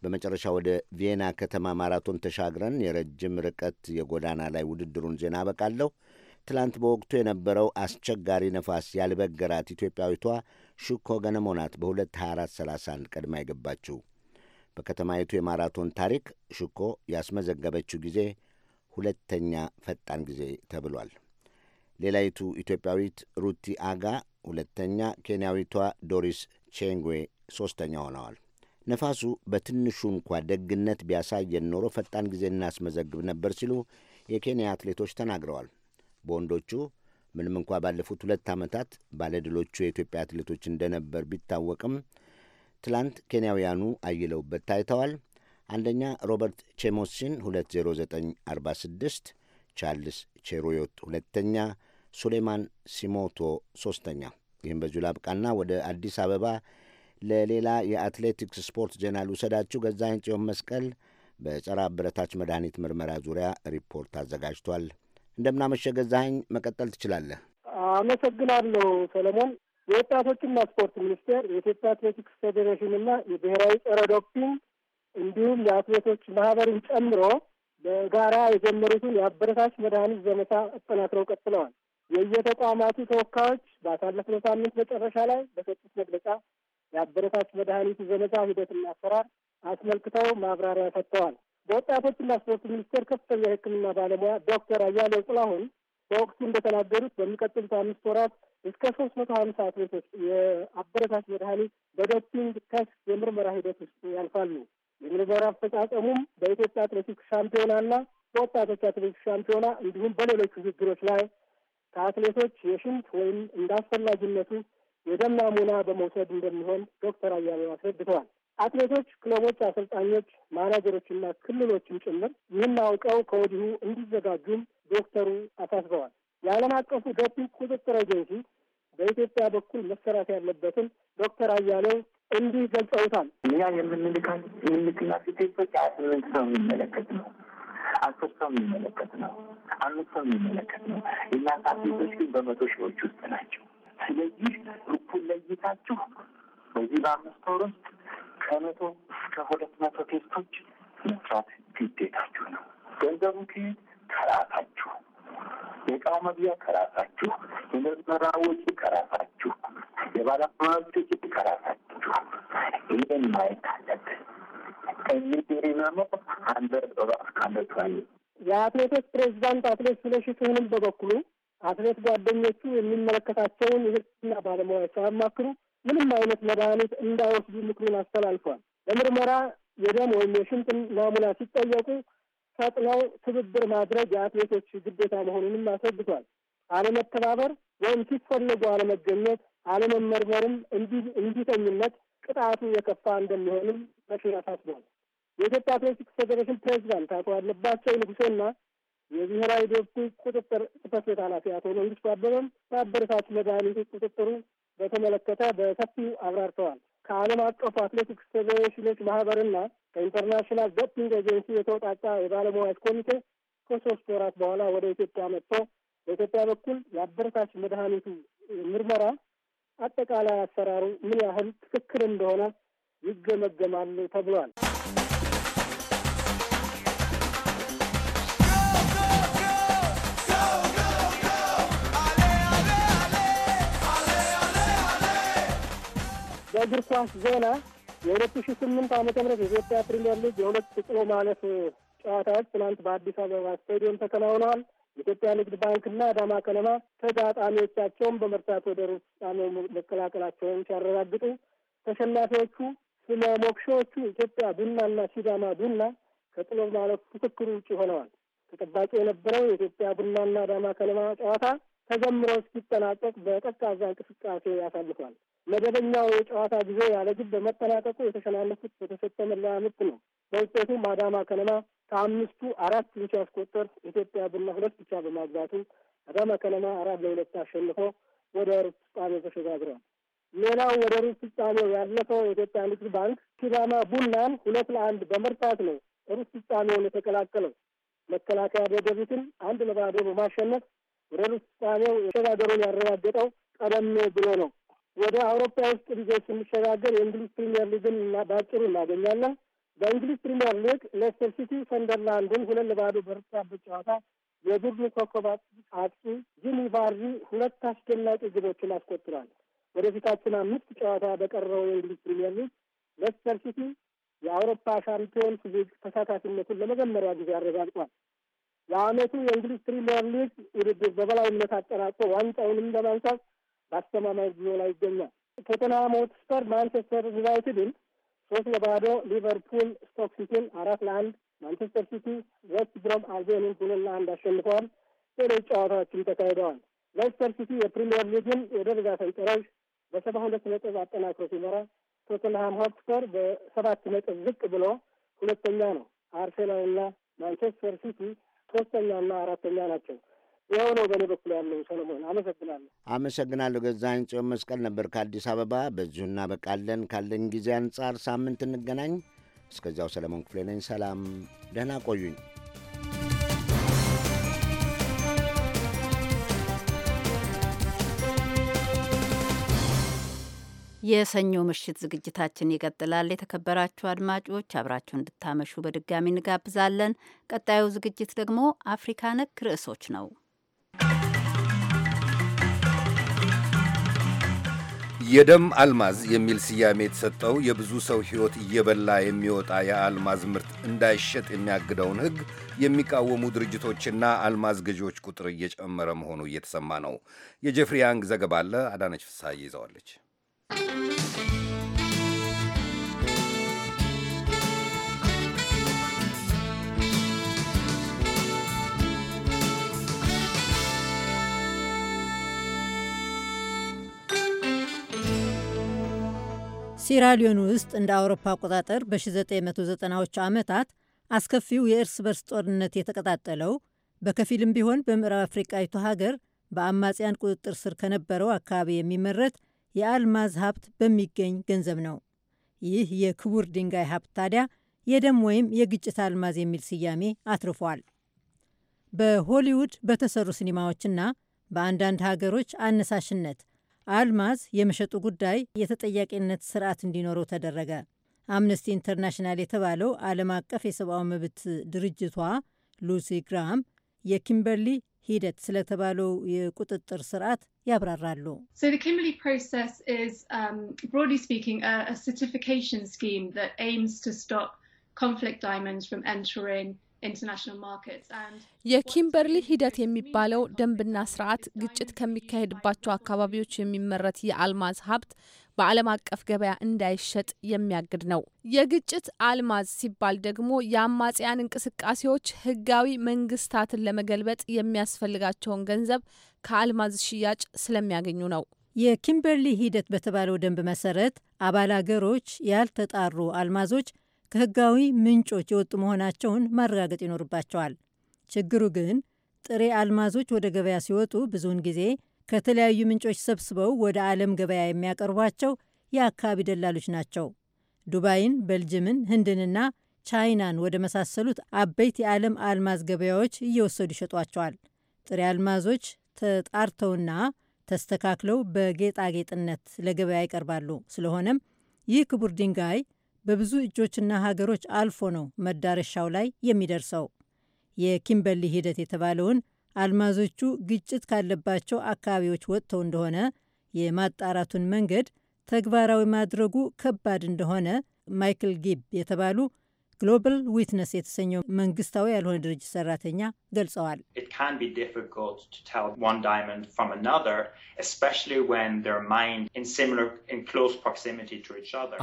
በመጨረሻ ወደ ቪየና ከተማ ማራቶን ተሻግረን የረጅም ርቀት የጎዳና ላይ ውድድሩን ዜና አበቃለሁ። ትላንት በወቅቱ የነበረው አስቸጋሪ ነፋስ ያልበገራት ኢትዮጵያዊቷ ሹኮ ገነሞናት በ2፡24፡31 ቀድማ የገባችው። በከተማይቱ የማራቶን ታሪክ ሹኮ ያስመዘገበችው ጊዜ ሁለተኛ ፈጣን ጊዜ ተብሏል። ሌላይቱ ኢትዮጵያዊት ሩቲ አጋ ሁለተኛ፣ ኬንያዊቷ ዶሪስ ቼንግዌ ሦስተኛ ሆነዋል። ነፋሱ በትንሹ እንኳ ደግነት ቢያሳየን ኖሮ ፈጣን ጊዜ እናስመዘግብ ነበር ሲሉ የኬንያ አትሌቶች ተናግረዋል። በወንዶቹ ምንም እንኳ ባለፉት ሁለት ዓመታት ባለድሎቹ የኢትዮጵያ አትሌቶች እንደነበር ቢታወቅም ትላንት ኬንያውያኑ አይለውበት ታይተዋል። አንደኛ ሮበርት ቼሞሲን 20946 ቻርልስ ቼሮዮት ሁለተኛ ሱሌማን ሲሞቶ ሶስተኛ። ይህም በዚሁ ላብቃና ወደ አዲስ አበባ ለሌላ የአትሌቲክስ ስፖርት ዜና ልውሰዳችሁ። ገዛኸኝ ጽዮን መስቀል በጸረ አበረታች መድኃኒት ምርመራ ዙሪያ ሪፖርት አዘጋጅቷል። እንደምናመሸ ገዛኸኝ፣ መቀጠል ትችላለህ።
አመሰግናለሁ ሰለሞን። የወጣቶችና ስፖርት ሚኒስቴር የኢትዮጵያ አትሌቲክስ ፌዴሬሽንና የብሔራዊ ጸረ ዶፒንግ እንዲሁም የአትሌቶች ማህበርን ጨምሮ በጋራ የጀመሩትን የአበረታች መድኃኒት ዘመቻ አጠናክረው ቀጥለዋል። የየተቋማቱ ተወካዮች ባሳለፍነው ሳምንት መጨረሻ ላይ በሰጡት መግለጫ የአበረታች መድኃኒቱ ዘመቻ ሂደትና አሰራር አስመልክተው ማብራሪያ ሰጥተዋል። በወጣቶችና ስፖርት ሚኒስቴር ከፍተኛ የሕክምና ባለሙያ ዶክተር አያሌው ጥላሁን በወቅቱ እንደተናገሩት በሚቀጥሉት አምስት ወራት እስከ ሶስት መቶ ሀምሳ አትሌቶች የአበረታች መድኃኒት በዶፒንግ ቴስት የምርመራ ሂደት ውስጥ ያልፋሉ። የምርመራ አፈጻጸሙም በኢትዮጵያ አትሌቲክስ ሻምፒዮናና በወጣቶች አትሌቲክስ ሻምፒዮና እንዲሁም በሌሎች ውድድሮች ላይ ከአትሌቶች የሽንት ወይም እንደ አስፈላጊነቱ የደም ናሙና በመውሰድ እንደሚሆን ዶክተር አያሌው አስረድተዋል። አትሌቶች፣ ክለቦች፣ አሰልጣኞች፣ ማናጀሮችና ክልሎችም ጭምር ይህን አውቀው ከወዲሁ እንዲዘጋጁም ዶክተሩ አሳስበዋል። የዓለም አቀፉ ዶፒንግ ቁጥጥር ኤጀንሲ በኢትዮጵያ በኩል መሰራት ያለበትን ዶክተር አያሌው እንዲህ ገልጸውታል። እኛ የምንልካ የምንልክላቸው ቴስቶች ሀያ ስምንት ሰው የሚመለከት ነው አስር ሰው የሚመለከት ነው፣ አምስት ሰው የሚመለከት ነው። የእናንተ ቤቶች ግን በመቶ ሺዎች ውስጥ ናቸው። ስለዚህ ግሩፑን ለይታችሁ በዚህ በአምስት ወር ውስጥ ከመቶ እስከ ሁለት መቶ ቴስቶች መስራት ግዴታችሁ ነው። ገንዘቡ ክሂድ ከራሳችሁ፣ የእቃው መግቢያ ከራሳችሁ፣ የምርመራ ወጪ ከራሳችሁ፣ የባለሙያዎች ወጪ ከራሳችሁ። ይህን ማየት አለብን። የአትሌቶች ፕሬዚዳንት አትሌት ስለሺ ስህንም በበኩሉ አትሌት ጓደኞቹ የሚመለከታቸውን የሕክምና ባለሙያ ሳያማክሩ ምንም አይነት መድኃኒት እንዳይወስዱ ምክሩን አስተላልፏል። ለምርመራ የደም ወይም የሽንት ናሙና ሲጠየቁ ፈጥነው ትብብር ማድረግ የአትሌቶች ግዴታ መሆኑንም አስረድቷል። አለመተባበር ወይም ሲፈለጉ አለመገኘት፣ አለመመርመርም እንዲተኝነት ቅጣቱ የከፋ እንደሚሆንም በሽር አሳስቧል። የኢትዮጵያ አትሌቲክስ ፌዴሬሽን ፕሬዚዳንት አቶ አለባቸው ንጉሴና የብሔራዊ ዶፕ ቁጥጥር ጽፈት ቤት ኃላፊ አቶ መንግስቱ አበበም በአበረታች መድኃኒቱ ቁጥጥሩ በተመለከተ በሰፊው አብራርተዋል። ከዓለም አቀፉ አትሌቲክስ ፌዴሬሽኖች ማህበርና ከኢንተርናሽናል ዶፒንግ ኤጀንሲ የተውጣጣ የባለሙያዎች ኮሚቴ ከሶስት ወራት በኋላ ወደ ኢትዮጵያ መጥቶ በኢትዮጵያ በኩል የአበረታች መድኃኒቱ ምርመራ አጠቃላይ አሰራሩ ምን ያህል ትክክል እንደሆነ ይገመገማል ተብሏል።
በእግር ኳስ ዜና የሁለት
ሺ ስምንት ዓመተ ምህረት የኢትዮጵያ ፕሪሚየር ሊግ የሁለት ጥሎ ማለፍ ጨዋታዎች ትናንት በአዲስ አበባ ስቴዲየም ተከናውነዋል። የኢትዮጵያ ንግድ ባንክና አዳማ ከነማ ተጋጣሚዎቻቸውን በመርታት ወደ ሩብ ፍጻሜው መቀላቀላቸውን ሲያረጋግጡ ተሸናፊዎቹ ስለ ሞክሾዎቹ ኢትዮጵያ ቡናና ሲዳማ ቡና ከጥሎ ማለፍ ፍክክሩ ውጭ ሆነዋል። ተጠባቂ የነበረው የኢትዮጵያ ቡናና አዳማ ከነማ ጨዋታ ተጀምሮ እስኪጠናቀቅ በጠቃዛ እንቅስቃሴ ያሳልፏል። መደበኛው የጨዋታ ጊዜ ያለ ግብ በመጠናቀቁ የተሸናነፉት በተሰጠ መለያ ምት ነው። በውጤቱም አዳማ ከነማ ከአምስቱ አራት ብቻ ያስቆጠር ኢትዮጵያ ቡና ሁለት ብቻ በማግባቱ አዳማ ከነማ አራት ለሁለት አሸንፎ ወደ ሩብ ፍጻሜ ተሸጋግሯል። ሌላው ወደ ሩብ ፍጻሜው ያለፈው የኢትዮጵያ ንግድ ባንክ ሲዳማ ቡናን ሁለት ለአንድ በመርታት ነው ሩብ ፍጻሜውን የተቀላቀለው። መከላከያ ደደቢትን አንድ ለባዶ በማሸነፍ ወደ ሩብ ፍጻሜው ተሸጋገሩን ያረጋገጠው ቀደም ብሎ ነው። ወደ አውሮፓ ውስጥ ልጆች ስንሸጋገር የእንግሊዝ ፕሪሚየር ሊግን በአጭሩ እናገኛለን። በእንግሊዝ ፕሪሚየር ሊግ ሌስተር ሲቲ ሰንደርላንድን ሁለት ለባዶ በረታበት ጨዋታ የቡድኑ ኮከብ አጥቂ ጂሚ ቫርዲ ሁለት አስደናቂ ግቦችን አስቆጥሯል። ወደፊታችን አምስት ጨዋታ በቀረበው የእንግሊዝ ፕሪሚየር ሊግ ሌስተር ሲቲ የአውሮፓ ሻምፒዮንስ ሊግ ተሳታፊነቱን ለመጀመሪያ ጊዜ አረጋግጧል። የአመቱ የእንግሊዝ ፕሪሚየር ሊግ ውድድር በበላይነት አጠናቆ ዋንጫውንም ለማንሳት በአስተማማኝ ጉዞ ላይ ይገኛል። ቶተንሃም ሆትስፐር ማንቸስተር ዩናይትድን ሶስት ለባዶ፣ ሊቨርፑል ስቶክ ሲቲን አራት ለአንድ፣ ማንቸስተር ሲቲ ዌስት ብሮም አልቤኒን ሁለት ለአንድ አሸንፈዋል። ሌሎች ጨዋታዎችም ተካሂደዋል። ሌስተር ሲቲ የፕሪሚየር ሊግን የደረጃ ሰንጠረዥ በሰባ ሁለት ነጥብ አጠናክሮ ሲመራ ቶተንሃም ሆትስፐር በሰባት ነጥብ ዝቅ ብሎ ሁለተኛ ነው። አርሴናልና ማንቸስተር ሲቲ ሶስተኛና አራተኛ ናቸው። ይኸው ነው በእኔ በኩል ያለው ሰለሞን። አመሰግናለሁ።
አመሰግናለሁ። ገዛኝ ጽዮን መስቀል ነበር ከአዲስ አበባ። በዚሁ እናበቃለን። ካለን ጊዜ አንጻር ሳምንት እንገናኝ። እስከዚያው ሰለሞን ክፍሌ ነኝ። ሰላም፣ ደህና ቆዩኝ።
የሰኞ ምሽት ዝግጅታችን ይቀጥላል። የተከበራችሁ አድማጮች አብራችሁ እንድታመሹ በድጋሚ እንጋብዛለን። ቀጣዩ ዝግጅት ደግሞ አፍሪካ ነክ ርዕሶች ነው።
የደም አልማዝ የሚል ስያሜ የተሰጠው የብዙ ሰው ሕይወት እየበላ የሚወጣ የአልማዝ ምርት እንዳይሸጥ የሚያግደውን ሕግ የሚቃወሙ ድርጅቶችና አልማዝ ገዢዎች ቁጥር እየጨመረ መሆኑ እየተሰማ ነው። የጀፍሪ ያንግ ዘገባ አለ። አዳነች ፍሳ ይዘዋለች።
ሲራሊዮን ውስጥ እንደ አውሮፓ አቆጣጠር በ1990ዎቹ ዓመታት አስከፊው የእርስ በርስ ጦርነት የተቀጣጠለው በከፊልም ቢሆን በምዕራብ አፍሪቃዊቱ ሀገር በአማጽያን ቁጥጥር ስር ከነበረው አካባቢ የሚመረት የአልማዝ ሀብት በሚገኝ ገንዘብ ነው። ይህ የክቡር ድንጋይ ሀብት ታዲያ የደም ወይም የግጭት አልማዝ የሚል ስያሜ አትርፏል። በሆሊውድ በተሰሩ ሲኒማዎችና በአንዳንድ ሀገሮች አነሳሽነት አልማዝ የመሸጡ ጉዳይ የተጠያቂነት ስርዓት እንዲኖረው ተደረገ። አምነስቲ ኢንተርናሽናል የተባለው ዓለም አቀፍ የሰብአዊ መብት ድርጅቷ ሉሲ ግራም የኪምበርሊ ሂደት ስለተባለው የቁጥጥር ስርዓት ያብራራሉ።
የኪምበርሊ ሂደት የሚባለው ደንብና ስርዓት ግጭት ከሚካሄድባቸው አካባቢዎች የሚመረት የአልማዝ ሀብት በዓለም አቀፍ ገበያ እንዳይሸጥ የሚያግድ ነው። የግጭት አልማዝ ሲባል ደግሞ የአማጽያን እንቅስቃሴዎች ህጋዊ መንግስታትን ለመገልበጥ የሚያስፈልጋቸውን ገንዘብ ከአልማዝ ሽያጭ ስለሚያገኙ ነው።
የኪምበርሊ ሂደት በተባለው ደንብ መሰረት አባል አገሮች ያልተጣሩ አልማዞች ከህጋዊ ምንጮች የወጡ መሆናቸውን ማረጋገጥ ይኖርባቸዋል። ችግሩ ግን ጥሬ አልማዞች ወደ ገበያ ሲወጡ ብዙውን ጊዜ ከተለያዩ ምንጮች ሰብስበው ወደ ዓለም ገበያ የሚያቀርቧቸው የአካባቢ ደላሎች ናቸው። ዱባይን፣ በልጅምን ህንድንና ቻይናን ወደ መሳሰሉት አበይት የዓለም አልማዝ ገበያዎች እየወሰዱ ይሸጧቸዋል። ጥሬ አልማዞች ተጣርተውና ተስተካክለው በጌጣጌጥነት ለገበያ ይቀርባሉ። ስለሆነም ይህ ክቡር ድንጋይ በብዙ እጆችና ሀገሮች አልፎ ነው መዳረሻው ላይ የሚደርሰው። የኪምበርሊ ሂደት የተባለውን አልማዞቹ ግጭት ካለባቸው አካባቢዎች ወጥተው እንደሆነ የማጣራቱን መንገድ ተግባራዊ ማድረጉ ከባድ እንደሆነ ማይክል ጊብ የተባሉ ግሎባል ዊትነስ የተሰኘው መንግስታዊ ያልሆነ ድርጅት ሰራተኛ ገልጸዋል።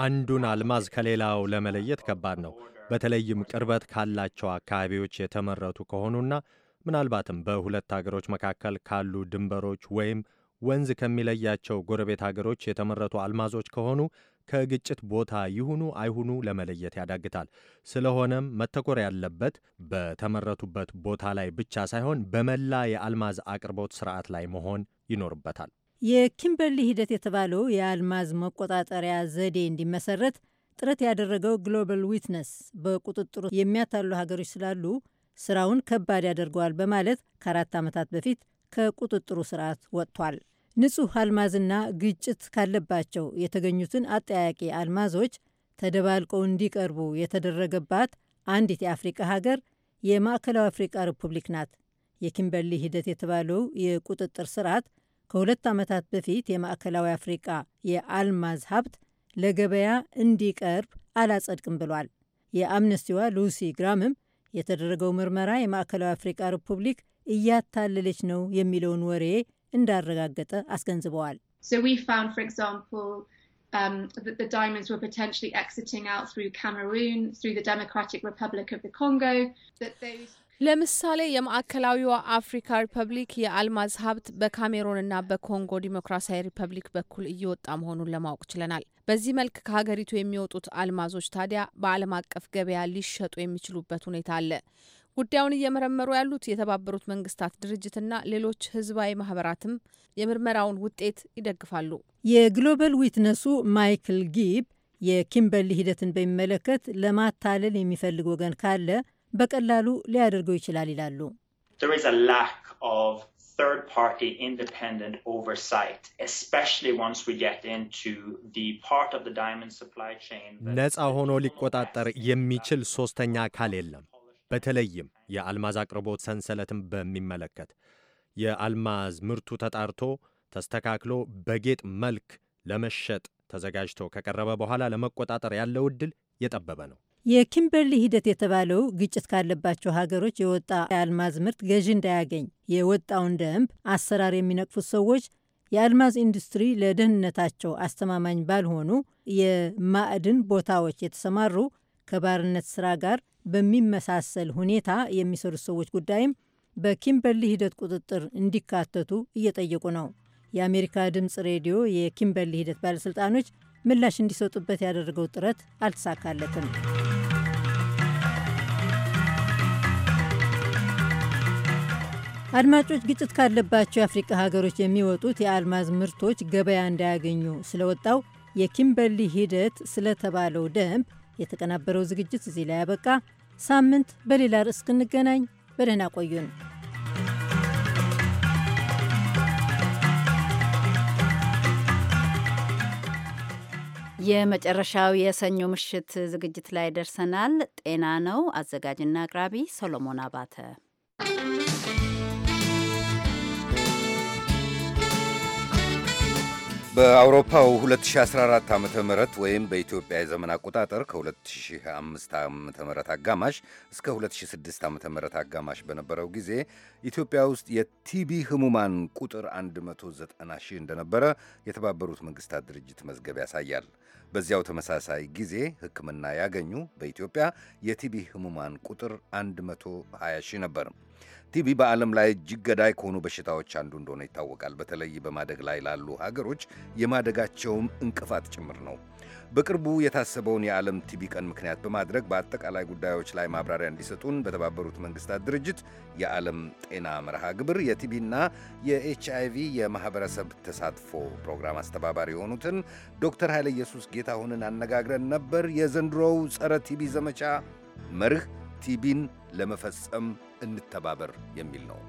አንዱን አልማዝ ከሌላው ለመለየት ከባድ ነው። በተለይም ቅርበት ካላቸው አካባቢዎች የተመረቱ ከሆኑና ምናልባትም በሁለት ሀገሮች መካከል ካሉ ድንበሮች ወይም ወንዝ ከሚለያቸው ጎረቤት ሀገሮች የተመረቱ አልማዞች ከሆኑ ከግጭት ቦታ ይሁኑ አይሁኑ ለመለየት ያዳግታል። ስለሆነም መተኮር ያለበት በተመረቱበት ቦታ ላይ ብቻ ሳይሆን በመላ የአልማዝ አቅርቦት ስርዓት ላይ መሆን ይኖርበታል።
የኪምበርሊ ሂደት የተባለው የአልማዝ መቆጣጠሪያ ዘዴ እንዲመሰረት ጥረት ያደረገው ግሎባል ዊትነስ በቁጥጥሩ የሚያታሉ ሀገሮች ስላሉ ስራውን ከባድ ያደርገዋል በማለት ከአራት ዓመታት በፊት ከቁጥጥሩ ስርዓት ወጥቷል። ንጹህ አልማዝና ግጭት ካለባቸው የተገኙትን አጠያቂ አልማዞች ተደባልቀው እንዲቀርቡ የተደረገባት አንዲት የአፍሪቃ ሀገር የማዕከላዊ አፍሪቃ ሪፑብሊክ ናት። የኪምበርሊ ሂደት የተባለው የቁጥጥር ስርዓት ከሁለት ዓመታት በፊት የማዕከላዊ አፍሪቃ የአልማዝ ሀብት ለገበያ እንዲቀርብ አላጸድቅም ብሏል። የአምነስቲዋ ሉሲ ግራምም የተደረገው ምርመራ የማዕከላዊ አፍሪቃ ሪፑብሊክ እያታለለች ነው የሚለውን ወሬ እንዳረጋገጠ አስገንዝበዋል። um,
ለምሳሌ የማዕከላዊዋ አፍሪካ ሪፐብሊክ የአልማዝ ሀብት በካሜሮንና በኮንጎ ዲሞክራሲያዊ ሪፐብሊክ በኩል እየወጣ መሆኑን ለማወቅ ችለናል። በዚህ መልክ ከሀገሪቱ የሚወጡት አልማዞች ታዲያ በዓለም አቀፍ ገበያ ሊሸጡ የሚችሉበት ሁኔታ አለ። ጉዳዩን እየመረመሩ ያሉት የተባበሩት መንግስታት ድርጅትና ሌሎች ህዝባዊ ማህበራትም የምርመራውን ውጤት ይደግፋሉ።
የግሎባል ዊትነሱ ማይክል ጊብ የኪምበርሊ ሂደትን በሚመለከት ለማታለል የሚፈልግ ወገን ካለ በቀላሉ ሊያደርገው ይችላል ይላሉ።
ነፃ ሆኖ ሊቆጣጠር የሚችል ሶስተኛ አካል የለም። በተለይም የአልማዝ አቅርቦት ሰንሰለትን በሚመለከት የአልማዝ ምርቱ ተጣርቶ ተስተካክሎ በጌጥ መልክ ለመሸጥ ተዘጋጅቶ ከቀረበ በኋላ ለመቆጣጠር ያለው እድል የጠበበ ነው።
የኪምበርሊ ሂደት የተባለው ግጭት ካለባቸው ሀገሮች የወጣ የአልማዝ ምርት ገዢ እንዳያገኝ የወጣውን ደንብ አሰራር የሚነቅፉት ሰዎች የአልማዝ ኢንዱስትሪ ለደህንነታቸው አስተማማኝ ባልሆኑ የማዕድን ቦታዎች የተሰማሩ ከባርነት ስራ ጋር በሚመሳሰል ሁኔታ የሚሰሩት ሰዎች ጉዳይም በኪምበርሊ ሂደት ቁጥጥር እንዲካተቱ እየጠየቁ ነው። የአሜሪካ ድምፅ ሬዲዮ የኪምበርሊ ሂደት ባለሥልጣኖች ምላሽ እንዲሰጡበት ያደረገው ጥረት አልተሳካለትም። አድማጮች፣ ግጭት ካለባቸው የአፍሪቃ ሀገሮች የሚወጡት የአልማዝ ምርቶች ገበያ እንዳያገኙ ስለወጣው የኪምበርሊ ሂደት ስለተባለው ደንብ የተቀናበረው ዝግጅት እዚህ ላይ ያበቃ። ሳምንት በሌላ ርዕስ እስክንገናኝ በደህና
ቆዩን። የመጨረሻው የሰኞ ምሽት ዝግጅት ላይ ደርሰናል። ጤና ነው። አዘጋጅና አቅራቢ ሶሎሞን አባተ
በአውሮፓው 2014 ዓ ም ወይም በኢትዮጵያ የዘመን አቆጣጠር ከ2005 ዓ ም አጋማሽ እስከ 2006 ዓ ም አጋማሽ በነበረው ጊዜ ኢትዮጵያ ውስጥ የቲቢ ህሙማን ቁጥር 190 ሺህ እንደነበረ የተባበሩት መንግስታት ድርጅት መዝገብ ያሳያል። በዚያው ተመሳሳይ ጊዜ ሕክምና ያገኙ በኢትዮጵያ የቲቢ ህሙማን ቁጥር 120 ሺህ ነበር። ቲቪ በዓለም ላይ እጅግ ገዳይ ከሆኑ በሽታዎች አንዱ እንደሆነ ይታወቃል። በተለይ በማደግ ላይ ላሉ ሀገሮች የማደጋቸውም እንቅፋት ጭምር ነው። በቅርቡ የታሰበውን የዓለም ቲቪ ቀን ምክንያት በማድረግ በአጠቃላይ ጉዳዮች ላይ ማብራሪያ እንዲሰጡን በተባበሩት መንግስታት ድርጅት የዓለም ጤና መርሃ ግብር የቲቢና የኤች አይቪ የማህበረሰብ ተሳትፎ ፕሮግራም አስተባባሪ የሆኑትን ዶክተር ኃይለ ኢየሱስ ጌታሁንን አነጋግረን ነበር። የዘንድሮው ጸረ ቲቢ ዘመቻ መርህ ቲቢን ለመፈጸም እንተባበር የሚል ነው።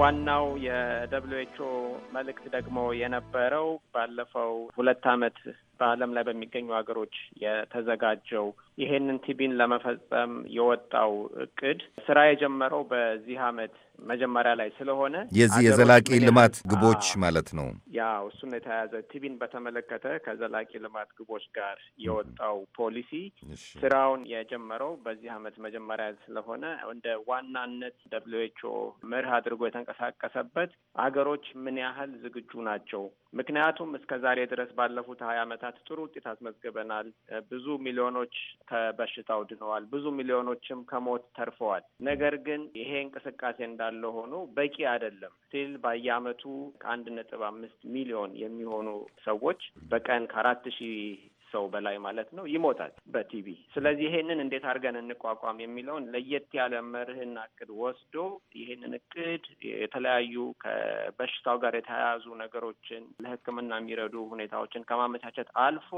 ዋናው
የደብሊው ኤች ኦ መልእክት ደግሞ የነበረው ባለፈው ሁለት ዓመት በዓለም ላይ በሚገኙ ሀገሮች የተዘጋጀው ይሄንን ቲቢን ለመፈጸም የወጣው እቅድ ስራ የጀመረው በዚህ አመት መጀመሪያ ላይ ስለሆነ የዚህ የዘላቂ ልማት
ግቦች ማለት ነው።
ያው እሱን የተያያዘ ቲቢን በተመለከተ ከዘላቂ ልማት ግቦች ጋር የወጣው ፖሊሲ ስራውን የጀመረው በዚህ አመት መጀመሪያ ስለሆነ እንደ ዋናነት ደብሊው ኤች ኦ መርህ አድርጎ የተንቀሳቀሰበት አገሮች ምን ያህል ዝግጁ ናቸው? ምክንያቱም እስከ ዛሬ ድረስ ባለፉት ሀያ አመታት ዓመታት ጥሩ ውጤት አስመዝግበናል። ብዙ ሚሊዮኖች ከበሽታው ድነዋል። ብዙ ሚሊዮኖችም ከሞት ተርፈዋል። ነገር ግን ይሄ እንቅስቃሴ እንዳለ ሆኖ በቂ አይደለም። ስቲል በየዓመቱ ከአንድ ነጥብ አምስት ሚሊዮን የሚሆኑ ሰዎች በቀን ከአራት ሺህ ሰው በላይ ማለት ነው ይሞታል በቲቪ ስለዚህ ይሄንን እንዴት አድርገን እንቋቋም የሚለውን ለየት ያለ መርህና እቅድ ወስዶ ይሄንን እቅድ የተለያዩ ከበሽታው ጋር የተያያዙ ነገሮችን ለሕክምና የሚረዱ ሁኔታዎችን ከማመቻቸት አልፎ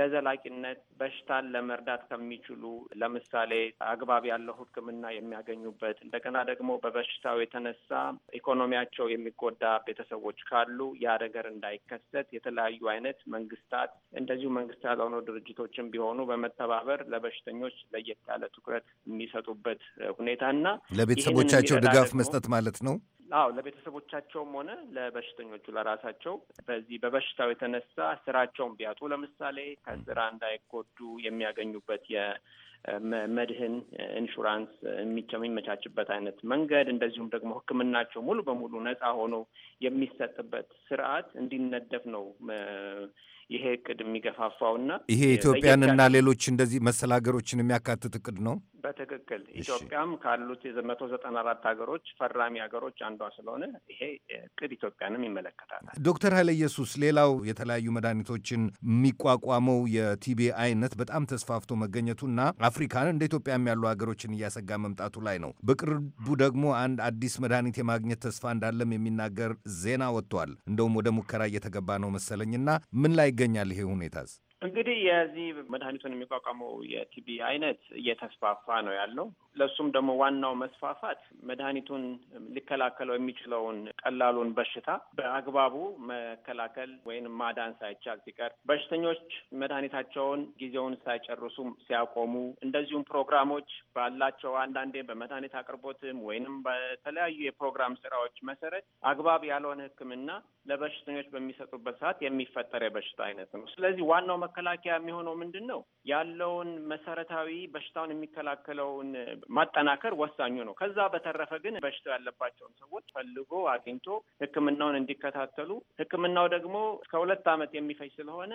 ለዘላቂነት በሽታን ለመርዳት ከሚችሉ ለምሳሌ አግባብ ያለው ሕክምና የሚያገኙበት እንደገና ደግሞ በበሽታው የተነሳ ኢኮኖሚያቸው የሚጎዳ ቤተሰቦች ካሉ ያ ነገር እንዳይከሰት የተለያዩ አይነት መንግስታት እንደዚሁ መንግስታት ያልሆኑ ድርጅቶችም ቢሆኑ በመተባበር ለበሽተኞች ለየት ያለ ትኩረት የሚሰጡበት ሁኔታና ለቤተሰቦቻቸው ድጋፍ መስጠት ማለት ነው። አዎ ለቤተሰቦቻቸውም ሆነ ለበሽተኞቹ ለራሳቸው በዚህ በበሽታው የተነሳ ስራቸውን ቢያጡ ለምሳሌ ከስራ እንዳይጎዱ የሚያገኙበት የመድህን ኢንሹራንስ የሚመቻችበት አይነት መንገድ እንደዚሁም ደግሞ ሕክምናቸው ሙሉ በሙሉ ነፃ ሆኖ የሚሰጥበት ስርዓት እንዲነደፍ ነው ይሄ እቅድ የሚገፋፋውና ይሄ ኢትዮጵያንና
ሌሎች እንደዚህ መሰል ሀገሮችን የሚያካትት እቅድ ነው።
በትክክል ኢትዮጵያም ካሉት የመቶ ዘጠና አራት ሀገሮች ፈራሚ ሀገሮች አንዷ ስለሆነ ይሄ እቅድ ኢትዮጵያንም ይመለከታል።
ዶክተር ኃይለ ኢየሱስ፣ ሌላው የተለያዩ መድኃኒቶችን የሚቋቋመው የቲቢ አይነት በጣም ተስፋፍቶ መገኘቱና አፍሪካን እንደ ኢትዮጵያም ያሉ ሀገሮችን እያሰጋ መምጣቱ ላይ ነው። በቅርቡ ደግሞ አንድ አዲስ መድኃኒት የማግኘት ተስፋ እንዳለም የሚናገር ዜና ወጥቷል። እንደውም ወደ ሙከራ እየተገባ ነው መሰለኝና ምን ላይ ይገኛል ይሄ ሁኔታስ?
እንግዲህ የዚህ መድኃኒቱን የሚቋቋመው የቲቢ አይነት እየተስፋፋ ነው ያለው። ለሱም ደግሞ ዋናው መስፋፋት መድኃኒቱን ሊከላከለው የሚችለውን ቀላሉን በሽታ በአግባቡ መከላከል ወይም ማዳን ሳይቻል ሲቀር፣ በሽተኞች መድኃኒታቸውን ጊዜውን ሳይጨርሱ ሲያቆሙ፣ እንደዚሁም ፕሮግራሞች ባላቸው አንዳንዴ በመድኃኒት አቅርቦትም ወይንም በተለያዩ የፕሮግራም ስራዎች መሰረት አግባብ ያልሆነ ሕክምና ለበሽተኞች በሚሰጡበት ሰዓት የሚፈጠር የበሽታ አይነት ነው። ስለዚህ ዋናው መከላከያ የሚሆነው ምንድን ነው? ያለውን መሰረታዊ በሽታውን የሚከላከለውን ማጠናከር ወሳኙ ነው። ከዛ በተረፈ ግን በሽታው ያለባቸውን ሰዎች ፈልጎ አግኝቶ ሕክምናውን እንዲከታተሉ ሕክምናው ደግሞ ከሁለት ሁለት ዓመት የሚፈጅ ስለሆነ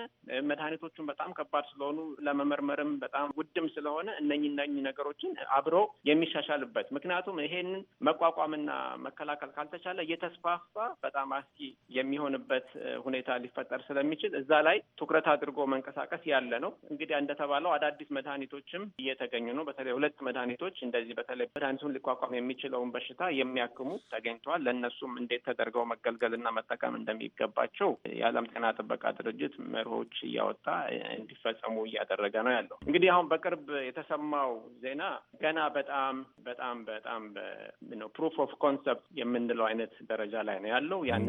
መድኃኒቶቹን በጣም ከባድ ስለሆኑ ለመመርመርም በጣም ውድም ስለሆነ እነኝ እነኝ ነገሮችን አብሮ የሚሻሻልበት ምክንያቱም ይሄንን መቋቋምና መከላከል ካልተቻለ እየተስፋፋ በጣም አስጊ የሚሆንበት ሁኔታ ሊፈጠር ስለሚችል እዛ ላይ ትኩረት አድርጎ በመንቀሳቀስ ያለ ነው። እንግዲህ እንደተባለው አዳዲስ መድኃኒቶችም እየተገኙ ነው። በተለይ ሁለት መድኃኒቶች እንደዚህ በተለይ መድኃኒቱን ሊቋቋም የሚችለውን በሽታ የሚያክሙ ተገኝተዋል። ለእነሱም እንዴት ተደርገው መገልገልና መጠቀም እንደሚገባቸው የዓለም ጤና ጥበቃ ድርጅት መርሆች እያወጣ እንዲፈጸሙ እያደረገ ነው ያለው። እንግዲህ አሁን በቅርብ የተሰማው ዜና ገና በጣም በጣም በጣም ፕሩፍ ኦፍ ኮንሰፕት የምንለው አይነት ደረጃ ላይ ነው ያለው። ያን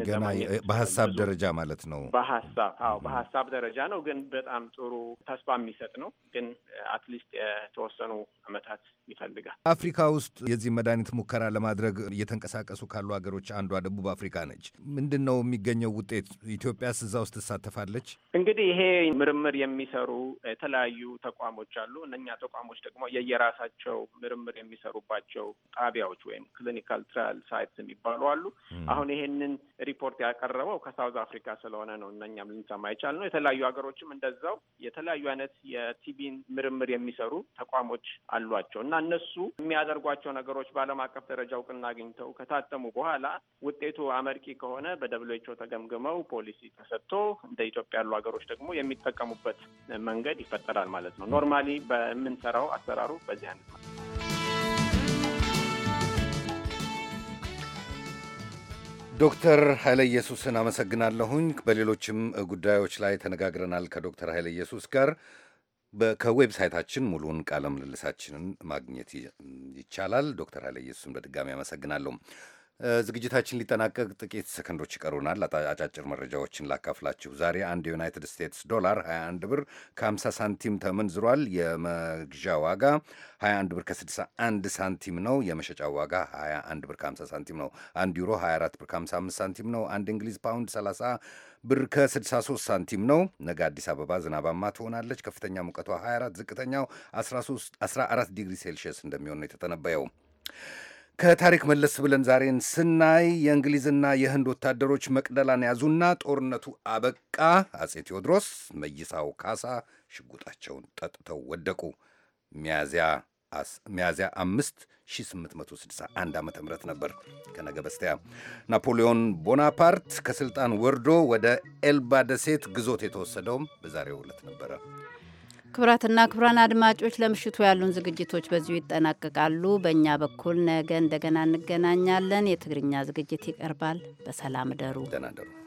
በሀሳብ
ደረጃ ማለት ነው።
በሀሳብ አዎ፣ በሀሳብ ደረጃ ነው ግን በጣም ጥሩ ተስፋ የሚሰጥ ነው። ግን አትሊስት የተወሰኑ አመታት ይፈልጋል።
አፍሪካ ውስጥ የዚህ መድኃኒት ሙከራ ለማድረግ እየተንቀሳቀሱ ካሉ ሀገሮች አንዷ ደቡብ አፍሪካ ነች። ምንድን ነው የሚገኘው ውጤት? ኢትዮጵያስ እዛ ውስጥ ትሳተፋለች?
እንግዲህ ይሄ ምርምር የሚሰሩ የተለያዩ ተቋሞች አሉ። እነኛ ተቋሞች ደግሞ የየራሳቸው ምርምር የሚሰሩባቸው ጣቢያዎች ወይም ክሊኒካል ትራያል ሳይትስ የሚባሉ አሉ። አሁን ይሄንን ሪፖርት ያቀረበው ከሳውዝ አፍሪካ ስለሆነ ነው እነኛም ልንሰማ ይቻል ነው። የተለያዩ ሀገሮችም እንደ በዛው የተለያዩ አይነት የቲቢን ምርምር የሚሰሩ ተቋሞች አሏቸው እና እነሱ የሚያደርጓቸው ነገሮች በዓለም አቀፍ ደረጃ እውቅና አግኝተው ከታተሙ በኋላ ውጤቱ አመርቂ ከሆነ በደብሎችኦ ተገምግመው ፖሊሲ ተሰጥቶ እንደ ኢትዮጵያ ያሉ ሀገሮች ደግሞ የሚጠቀሙበት መንገድ ይፈጠራል ማለት ነው። ኖርማሊ በምንሰራው አሰራሩ በዚህ አይነት ነው።
ዶክተር ኃይለ ኢየሱስን አመሰግናለሁኝ። በሌሎችም ጉዳዮች ላይ ተነጋግረናል ከዶክተር ኃይለ ኢየሱስ ጋር። ከዌብሳይታችን ሙሉውን ቃለ ምልልሳችንን ማግኘት ይቻላል። ዶክተር ኃይለ ኢየሱስን በድጋሚ አመሰግናለሁ። ዝግጅታችን ሊጠናቀቅ ጥቂት ሰከንዶች ይቀሩናል። አጫጭር መረጃዎችን ላካፍላችሁ። ዛሬ አንድ የዩናይትድ ስቴትስ ዶላር 21 ብር ከ50 ሳንቲም ተመንዝሯል። የመግዣ ዋጋ 21 ብር ከ61 ሳንቲም ነው። የመሸጫ ዋጋ 21 ብር ከ50 ሳንቲም ነው። አንድ ዩሮ 24 ብር ከ55 ሳንቲም ነው። አንድ እንግሊዝ ፓውንድ 30 ብር ከ63 ሳንቲም ነው። ነገ አዲስ አበባ ዝናባማ ትሆናለች። ከፍተኛ ሙቀቷ 24፣ ዝቅተኛው 14 ዲግሪ ሴልሽስ እንደሚሆን ነው የተተነበየው። ከታሪክ መለስ ብለን ዛሬን ስናይ የእንግሊዝና የህንድ ወታደሮች መቅደላን ያዙና ጦርነቱ አበቃ። አጼ ቴዎድሮስ መይሳው ካሳ ሽጉጣቸውን ጠጥተው ወደቁ። ሚያዚያ አምስት 1861 ዓ ም ነበር ከነገ በስቲያ። ናፖሊዮን ቦናፓርት ከሥልጣን ወርዶ ወደ ኤልባ ደሴት ግዞት የተወሰደውም በዛሬው ዕለት ነበረ።
ክቡራትና ክቡራን አድማጮች ለምሽቱ ያሉን ዝግጅቶች በዚሁ ይጠናቀቃሉ። በእኛ በኩል ነገ እንደገና እንገናኛለን። የትግርኛ ዝግጅት ይቀርባል። በሰላም ደሩ።